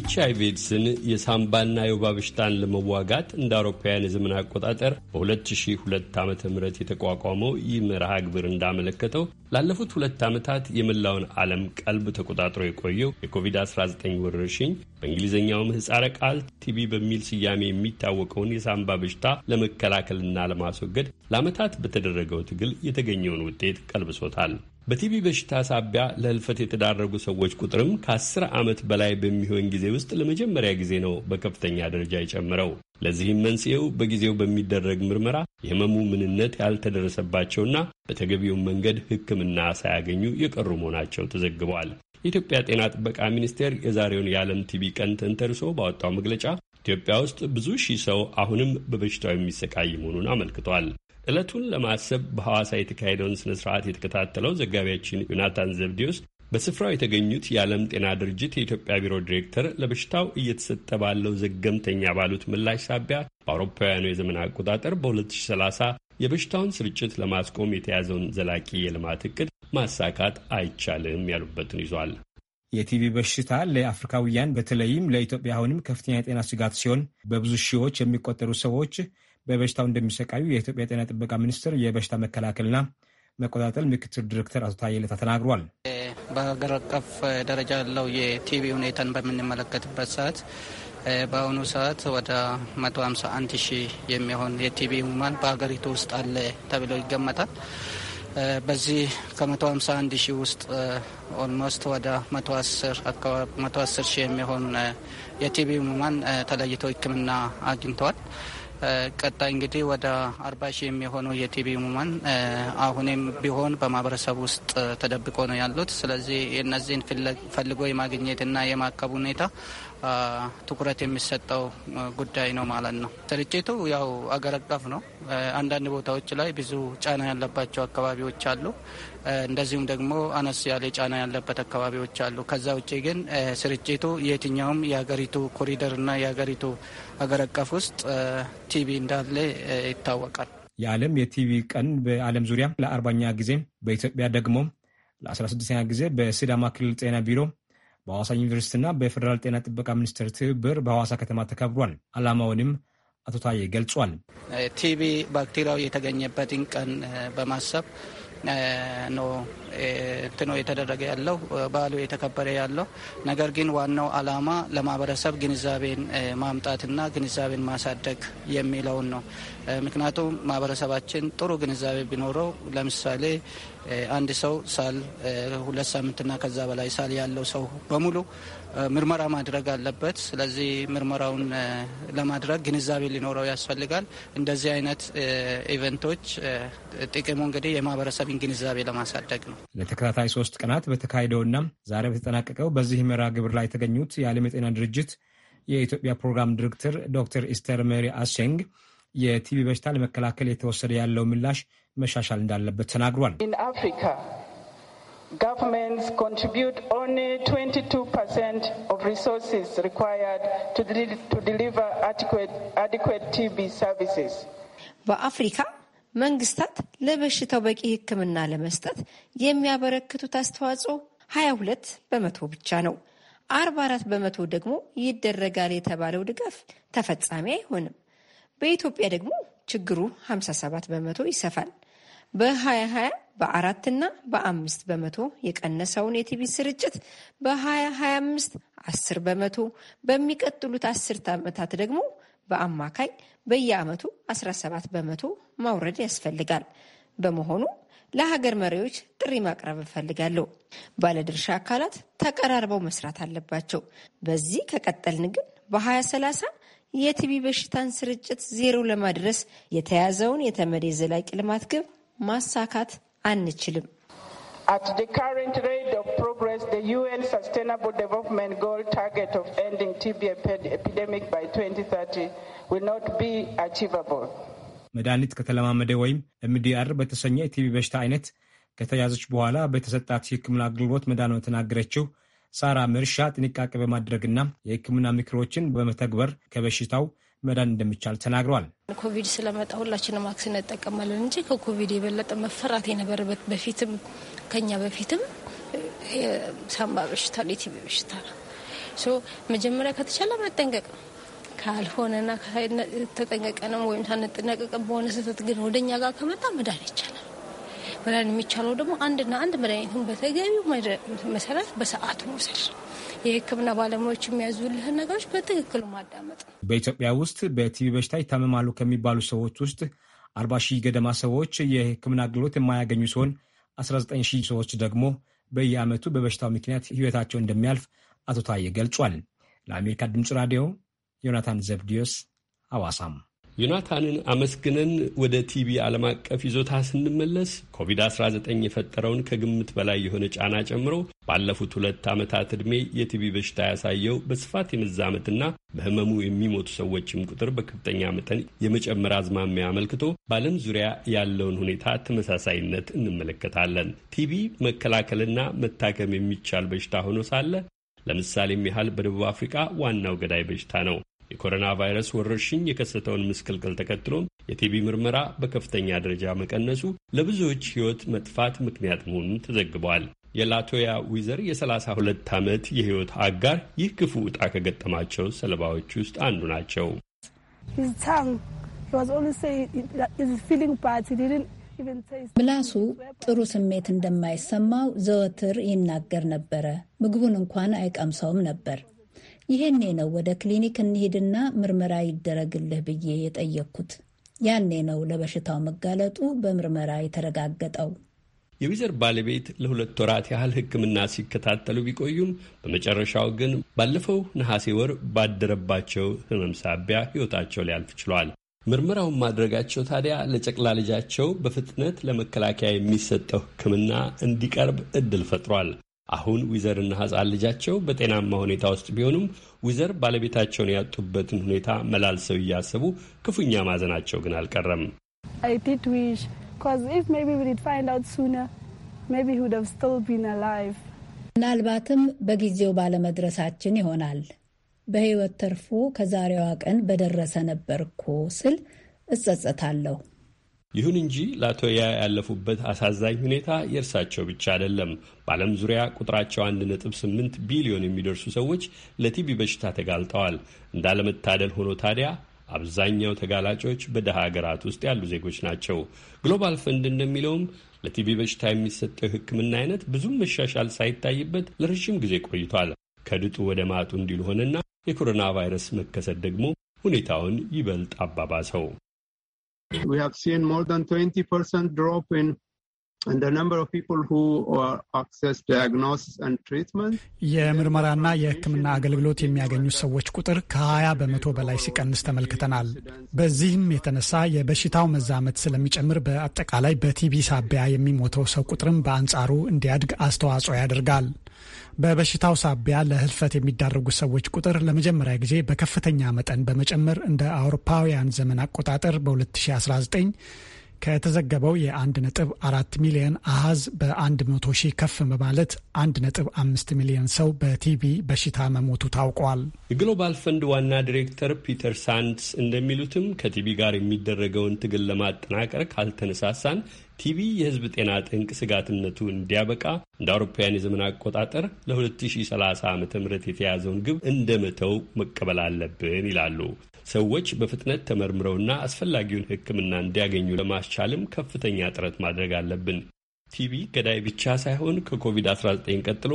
ኤች አይቪ ኤድስን የሳምባና የወባ በሽታን ለመዋጋት እንደ አውሮፓውያን የዘመን አቆጣጠር በ2002 ዓ ም የተቋቋመው ይህ መርሃ ግብር እንዳመለከተው ላለፉት ሁለት ዓመታት የመላውን ዓለም ቀልብ ተቆጣጥሮ የቆየው የኮቪድ-19 ወረርሽኝ በእንግሊዝኛው ምህፃረ ቃል ቲቢ በሚል ስያሜ የሚታወቀውን የሳምባ በሽታ ለመከላከልና ለማስወገድ ለዓመታት በተደረገው ትግል የተገኘውን ውጤት ቀልብሶታል። በቲቪ በሽታ ሳቢያ ለህልፈት የተዳረጉ ሰዎች ቁጥርም ከአስር ዓመት በላይ በሚሆን ጊዜ ውስጥ ለመጀመሪያ ጊዜ ነው በከፍተኛ ደረጃ የጨምረው። ለዚህም መንስኤው በጊዜው በሚደረግ ምርመራ የህመሙ ምንነት ያልተደረሰባቸውና በተገቢውን መንገድ ሕክምና ሳያገኙ የቀሩ መሆናቸው ተዘግበዋል። የኢትዮጵያ ጤና ጥበቃ ሚኒስቴር የዛሬውን የዓለም ቲቪ ቀን ተንተርሶ ባወጣው መግለጫ ኢትዮጵያ ውስጥ ብዙ ሺህ ሰው አሁንም በበሽታው የሚሰቃይ መሆኑን አመልክቷል። ዕለቱን ለማሰብ በሐዋሳ የተካሄደውን ስነ ስርዓት የተከታተለው ዘጋቢያችን ዮናታን ዘብዲዮስ በስፍራው የተገኙት የዓለም ጤና ድርጅት የኢትዮጵያ ቢሮ ዲሬክተር ለበሽታው እየተሰጠ ባለው ዘገምተኛ ባሉት ምላሽ ሳቢያ በአውሮፓውያኑ የዘመን አቆጣጠር በ2030 የበሽታውን ስርጭት ለማስቆም የተያዘውን ዘላቂ የልማት እቅድ ማሳካት አይቻልም ያሉበትን ይዟል። የቲቪ በሽታ ለአፍሪካውያን በተለይም ለኢትዮጵያ አሁንም ከፍተኛ የጤና ስጋት ሲሆን በብዙ ሺዎች የሚቆጠሩ ሰዎች በበሽታው እንደሚሰቃዩ የኢትዮጵያ ጤና ጥበቃ ሚኒስቴር የበሽታ መከላከልና መቆጣጠር ምክትል ዲሬክተር አቶ ታየለታ ተናግሯል። በሀገር አቀፍ ደረጃ ያለው የቲቪ ሁኔታን በምንመለከትበት ሰዓት በአሁኑ ሰዓት ወደ 151 ሺህ የሚሆን የቲቪ ህሙማን በሀገሪቱ ውስጥ አለ ተብሎ ይገመታል። በዚህ ከ151 ሺህ ውስጥ ኦልሞስት ወደ 110 ሺህ የሚሆን የቲቪ ህሙማን ተለይቶ ህክምና አግኝተዋል። ቀጣይ እንግዲህ ወደ አርባ ሺህ የሚሆኑ የቲቢ ሙማን አሁንም ቢሆን በማህበረሰብ ውስጥ ተደብቆ ነው ያሉት። ስለዚህ እነዚህን ፈልጎ የማግኘትና የማከብ ሁኔታ ትኩረት የሚሰጠው ጉዳይ ነው ማለት ነው። ስርጭቱ ያው አገር አቀፍ ነው። አንዳንድ ቦታዎች ላይ ብዙ ጫና ያለባቸው አካባቢዎች አሉ። እንደዚሁም ደግሞ አነስ ያለ ጫና ያለበት አካባቢዎች አሉ። ከዛ ውጭ ግን ስርጭቱ የትኛውም የሀገሪቱ ኮሪደርና የሀገሪቱ አገር አቀፍ ውስጥ ቲቪ እንዳለ ይታወቃል። የዓለም የቲቪ ቀን በዓለም ዙሪያ ለአርባኛ ጊዜ በኢትዮጵያ ደግሞ ለ16ኛ ጊዜ በሲዳማ ክልል ጤና ቢሮ በሐዋሳ ዩኒቨርሲቲና በፌዴራል ጤና ጥበቃ ሚኒስቴር ትብብር በሐዋሳ ከተማ ተከብሯል። ዓላማውንም አቶ ታዬ ገልጿል። ቲቪ ባክቴሪያው የተገኘበትን ቀን በማሰብ ነው እንትኖ የተደረገ ያለው ባህሉ የተከበረ ያለው ነገር ግን ዋናው አላማ ለማህበረሰብ ግንዛቤን ማምጣትና ግንዛቤን ማሳደግ የሚለውን ነው። ምክንያቱም ማህበረሰባችን ጥሩ ግንዛቤ ቢኖረው ለምሳሌ አንድ ሰው ሳል ሁለት ሳምንትና ከዛ በላይ ሳል ያለው ሰው በሙሉ ምርመራ ማድረግ አለበት። ስለዚህ ምርመራውን ለማድረግ ግንዛቤ ሊኖረው ያስፈልጋል። እንደዚህ አይነት ኢቨንቶች ጥቅሙ እንግዲህ የማህበረሰብን ግንዛቤ ለማሳደግ ነው። ለተከታታይ ሶስት ቀናት በተካሄደውና ዛሬ በተጠናቀቀው በዚህ መርሃ ግብር ላይ የተገኙት የዓለም የጤና ድርጅት የኢትዮጵያ ፕሮግራም ዲሬክተር ዶክተር ኢስተር ሜሪ አሴንግ የቲቪ በሽታ ለመከላከል የተወሰደ ያለው ምላሽ መሻሻል እንዳለበት ተናግሯል። Governments contribute only 22% of resources required to, de to deliver adequate, adequate TB services. በአፍሪካ መንግስታት ለበሽታው በቂ ሕክምና ለመስጠት የሚያበረክቱት አስተዋጽኦ 22 በመቶ ብቻ ነው። 44 በመቶ ደግሞ ይደረጋል የተባለው ድጋፍ ተፈጻሚ አይሆንም። በኢትዮጵያ ደግሞ ችግሩ 57 በመቶ ይሰፋል። በ2020 በአራትና በአምስት በመቶ የቀነሰውን የቲቪ ስርጭት በ2025 10 በመቶ በሚቀጥሉት አስርት ዓመታት ደግሞ በአማካይ በየዓመቱ 17 በመቶ ማውረድ ያስፈልጋል። በመሆኑ ለሀገር መሪዎች ጥሪ ማቅረብ እፈልጋለሁ። ባለድርሻ አካላት ተቀራርበው መስራት አለባቸው። በዚህ ከቀጠልን ግን በ2030 የቲቢ በሽታን ስርጭት ዜሮ ለማድረስ የተያዘውን የተመድ የዘላቂ ልማት ግብ ማሳካት አንችልም። At the current rate of progress, the UN Sustainable Development Goal target of ending TB epidemic by 2030 will not be achievable. መድኃኒት ከተለማመደ ወይም ኤምዲአር በተሰኘ የቲቪ በሽታ አይነት ከተያዘች በኋላ በተሰጣት የሕክምና አገልግሎት መዳኗን የተናገረችው ሳራ ምርሻ ጥንቃቄ በማድረግና የሕክምና ምክሮችን በመተግበር ከበሽታው መዳን እንደሚቻል ተናግረዋል። ኮቪድ ስለመጣ ሁላችንም አክሲን እንጠቀማለን እንጂ ከኮቪድ የበለጠ መፈራት የነበረበት በፊትም ከኛ በፊትም ሳምባ በሽታ ቲቪ በሽታ ነው። መጀመሪያ ከተቻለ መጠንቀቅ ነው። ካልሆነና ተጠንቀቀንም ወይም ሳንጠነቀቅም በሆነ ስህተት ግን ወደኛ ጋር ከመጣ መዳን ይቻላል። መዳን የሚቻለው ደግሞ አንድና አንድ መድኃኒቱን በተገቢው መሰረት በሰዓቱ መውሰድ የሕክምና ባለሙያዎች የሚያዙልህን ነገሮች በትክክሉ ማዳመጥ በኢትዮጵያ ውስጥ በቲቪ በሽታ ይታመማሉ ከሚባሉ ሰዎች ውስጥ አርባ ሺህ ገደማ ሰዎች የሕክምና አገልግሎት የማያገኙ ሲሆን 19 ሺህ ሰዎች ደግሞ በየዓመቱ በበሽታው ምክንያት ሕይወታቸው እንደሚያልፍ አቶ ታዬ ገልጿል። ለአሜሪካ ድምፅ ራዲዮ ዮናታን ዘብዲዮስ አዋሳም ዮናታንን አመስግነን ወደ ቲቪ ዓለም አቀፍ ይዞታ ስንመለስ ኮቪድ-19 የፈጠረውን ከግምት በላይ የሆነ ጫና ጨምሮ ባለፉት ሁለት ዓመታት ዕድሜ የቲቪ በሽታ ያሳየው በስፋት የመዛመትና በህመሙ የሚሞቱ ሰዎችም ቁጥር በከፍተኛ መጠን የመጨመር አዝማሚያ አመልክቶ በዓለም ዙሪያ ያለውን ሁኔታ ተመሳሳይነት እንመለከታለን። ቲቪ መከላከልና መታከም የሚቻል በሽታ ሆኖ ሳለ ለምሳሌም ያህል በደቡብ አፍሪካ ዋናው ገዳይ በሽታ ነው። የኮሮና ቫይረስ ወረርሽኝ የከሰተውን ምስቅልቅል ተከትሎም የቲቢ ምርመራ በከፍተኛ ደረጃ መቀነሱ ለብዙዎች ሕይወት መጥፋት ምክንያት መሆኑን ተዘግቧል። የላቶያ ዊዘር የ32 ዓመት የሕይወት አጋር ይህ ክፉ ዕጣ ከገጠማቸው ሰለባዎች ውስጥ አንዱ ናቸው። ምላሱ ጥሩ ስሜት እንደማይሰማው ዘወትር ይናገር ነበረ። ምግቡን እንኳን አይቀምሰውም ነበር። ይሄኔ ነው ወደ ክሊኒክ እንሄድና ምርመራ ይደረግልህ ብዬ የጠየቅኩት። ያኔ ነው ለበሽታው መጋለጡ በምርመራ የተረጋገጠው። የዊዘር ባለቤት ለሁለት ወራት ያህል ሕክምና ሲከታተሉ ቢቆዩም በመጨረሻው ግን ባለፈው ነሐሴ ወር ባደረባቸው ህመም ሳቢያ ሕይወታቸው ሊያልፍ ችሏል። ምርመራውን ማድረጋቸው ታዲያ ለጨቅላ ልጃቸው በፍጥነት ለመከላከያ የሚሰጠው ሕክምና እንዲቀርብ እድል ፈጥሯል። አሁን ዊዘርና ሀፃን ልጃቸው በጤናማ ሁኔታ ውስጥ ቢሆኑም ዊዘር ባለቤታቸውን ያጡበትን ሁኔታ መላልሰው እያሰቡ ክፉኛ ማዘናቸው ግን አልቀረም። ምናልባትም በጊዜው ባለመድረሳችን ይሆናል በህይወት ተርፎ ከዛሬዋ ቀን በደረሰ ነበር እኮ ስል እጸጸታለሁ። ይሁን እንጂ ላቶያ ያለፉበት አሳዛኝ ሁኔታ የእርሳቸው ብቻ አይደለም። በዓለም ዙሪያ ቁጥራቸው 1.8 ቢሊዮን የሚደርሱ ሰዎች ለቲቢ በሽታ ተጋልጠዋል። እንዳለመታደል ሆኖ ታዲያ አብዛኛው ተጋላጮች በደሃ ሀገራት ውስጥ ያሉ ዜጎች ናቸው። ግሎባል ፈንድ እንደሚለውም ለቲቢ በሽታ የሚሰጠው ሕክምና አይነት ብዙም መሻሻል ሳይታይበት ለረዥም ጊዜ ቆይቷል። ከድጡ ወደ ማጡ እንዲል ሆነና የኮሮና ቫይረስ መከሰት ደግሞ ሁኔታውን ይበልጥ አባባሰው። We have seen more than 20% drop in የምርመራና የሕክምና አገልግሎት የሚያገኙ ሰዎች ቁጥር ከ20 በመቶ በላይ ሲቀንስ ተመልክተናል። በዚህም የተነሳ የበሽታው መዛመት ስለሚጨምር በአጠቃላይ በቲቢ ሳቢያ የሚሞተው ሰው ቁጥርም በአንጻሩ እንዲያድግ አስተዋጽኦ ያደርጋል። በበሽታው ሳቢያ ለህልፈት የሚዳረጉ ሰዎች ቁጥር ለመጀመሪያ ጊዜ በከፍተኛ መጠን በመጨመር እንደ አውሮፓውያን ዘመን አቆጣጠር በ2019 ከተዘገበው የ 14 ነጥብ 4 ሚሊዮን አሃዝ በ100 ሺህ ከፍ በማለት 1.5 ነጥብ ሚሊዮን ሰው በቲቢ በሽታ መሞቱ ታውቋል። የግሎባል ፈንድ ዋና ዲሬክተር ፒተር ሳንድስ እንደሚሉትም ከቲቢ ጋር የሚደረገውን ትግል ለማጠናቀር ካልተነሳሳን ቲቢ የህዝብ ጤና ጠንቅ ስጋትነቱ እንዲያበቃ እንደ አውሮፓውያን የዘመን አቆጣጠር ለ2030 ዓ ም የተያዘውን ግብ እንደመተው መቀበል አለብን ይላሉ። ሰዎች በፍጥነት ተመርምረውና አስፈላጊውን ሕክምና እንዲያገኙ ለማስቻልም ከፍተኛ ጥረት ማድረግ አለብን። ቲቪ ገዳይ ብቻ ሳይሆን ከኮቪድ-19 ቀጥሎ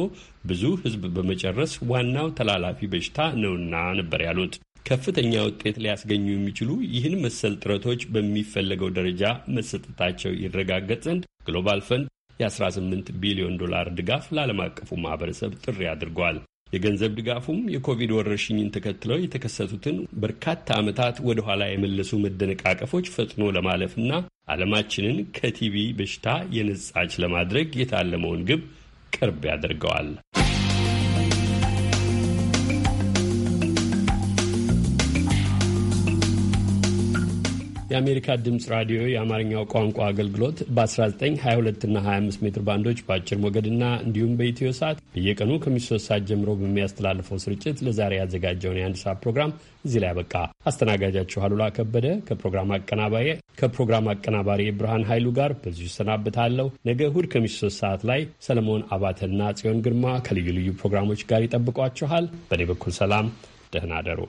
ብዙ ሕዝብ በመጨረስ ዋናው ተላላፊ በሽታ ነውና ነበር ያሉት። ከፍተኛ ውጤት ሊያስገኙ የሚችሉ ይህን መሰል ጥረቶች በሚፈለገው ደረጃ መሰጠታቸው ይረጋገጥ ዘንድ ግሎባል ፈንድ የ18 ቢሊዮን ዶላር ድጋፍ ለዓለም አቀፉ ማህበረሰብ ጥሪ አድርጓል። የገንዘብ ድጋፉም የኮቪድ ወረርሽኝን ተከትለው የተከሰቱትን በርካታ ዓመታት ወደ ኋላ የመለሱ መደነቃቀፎች ፈጥኖ ለማለፍና ዓለማችንን ከቲቪ በሽታ የነጻች ለማድረግ የታለመውን ግብ ቅርብ ያደርገዋል። የአሜሪካ ድምፅ ራዲዮ የአማርኛው ቋንቋ አገልግሎት በ1922 እና 25 ሜትር ባንዶች በአጭር ሞገድና እንዲሁም በኢትዮ ሰዓት በየቀኑ ከምሽቱ 3 ሰዓት ጀምሮ በሚያስተላልፈው ስርጭት ለዛሬ ያዘጋጀውን የአንድ ሰዓት ፕሮግራም እዚህ ላይ ያበቃ። አስተናጋጃችሁ አሉላ ከበደ ከፕሮግራም አቀናባሪ ከፕሮግራም አቀናባሪ ብርሃን ኃይሉ ጋር በዚሁ እሰናብታለሁ። ነገ እሁድ ከምሽቱ 3 ሰዓት ላይ ሰለሞን አባተና ጽዮን ግርማ ከልዩ ልዩ ፕሮግራሞች ጋር ይጠብቋችኋል። በእኔ በኩል ሰላም፣ ደህና አደሩ።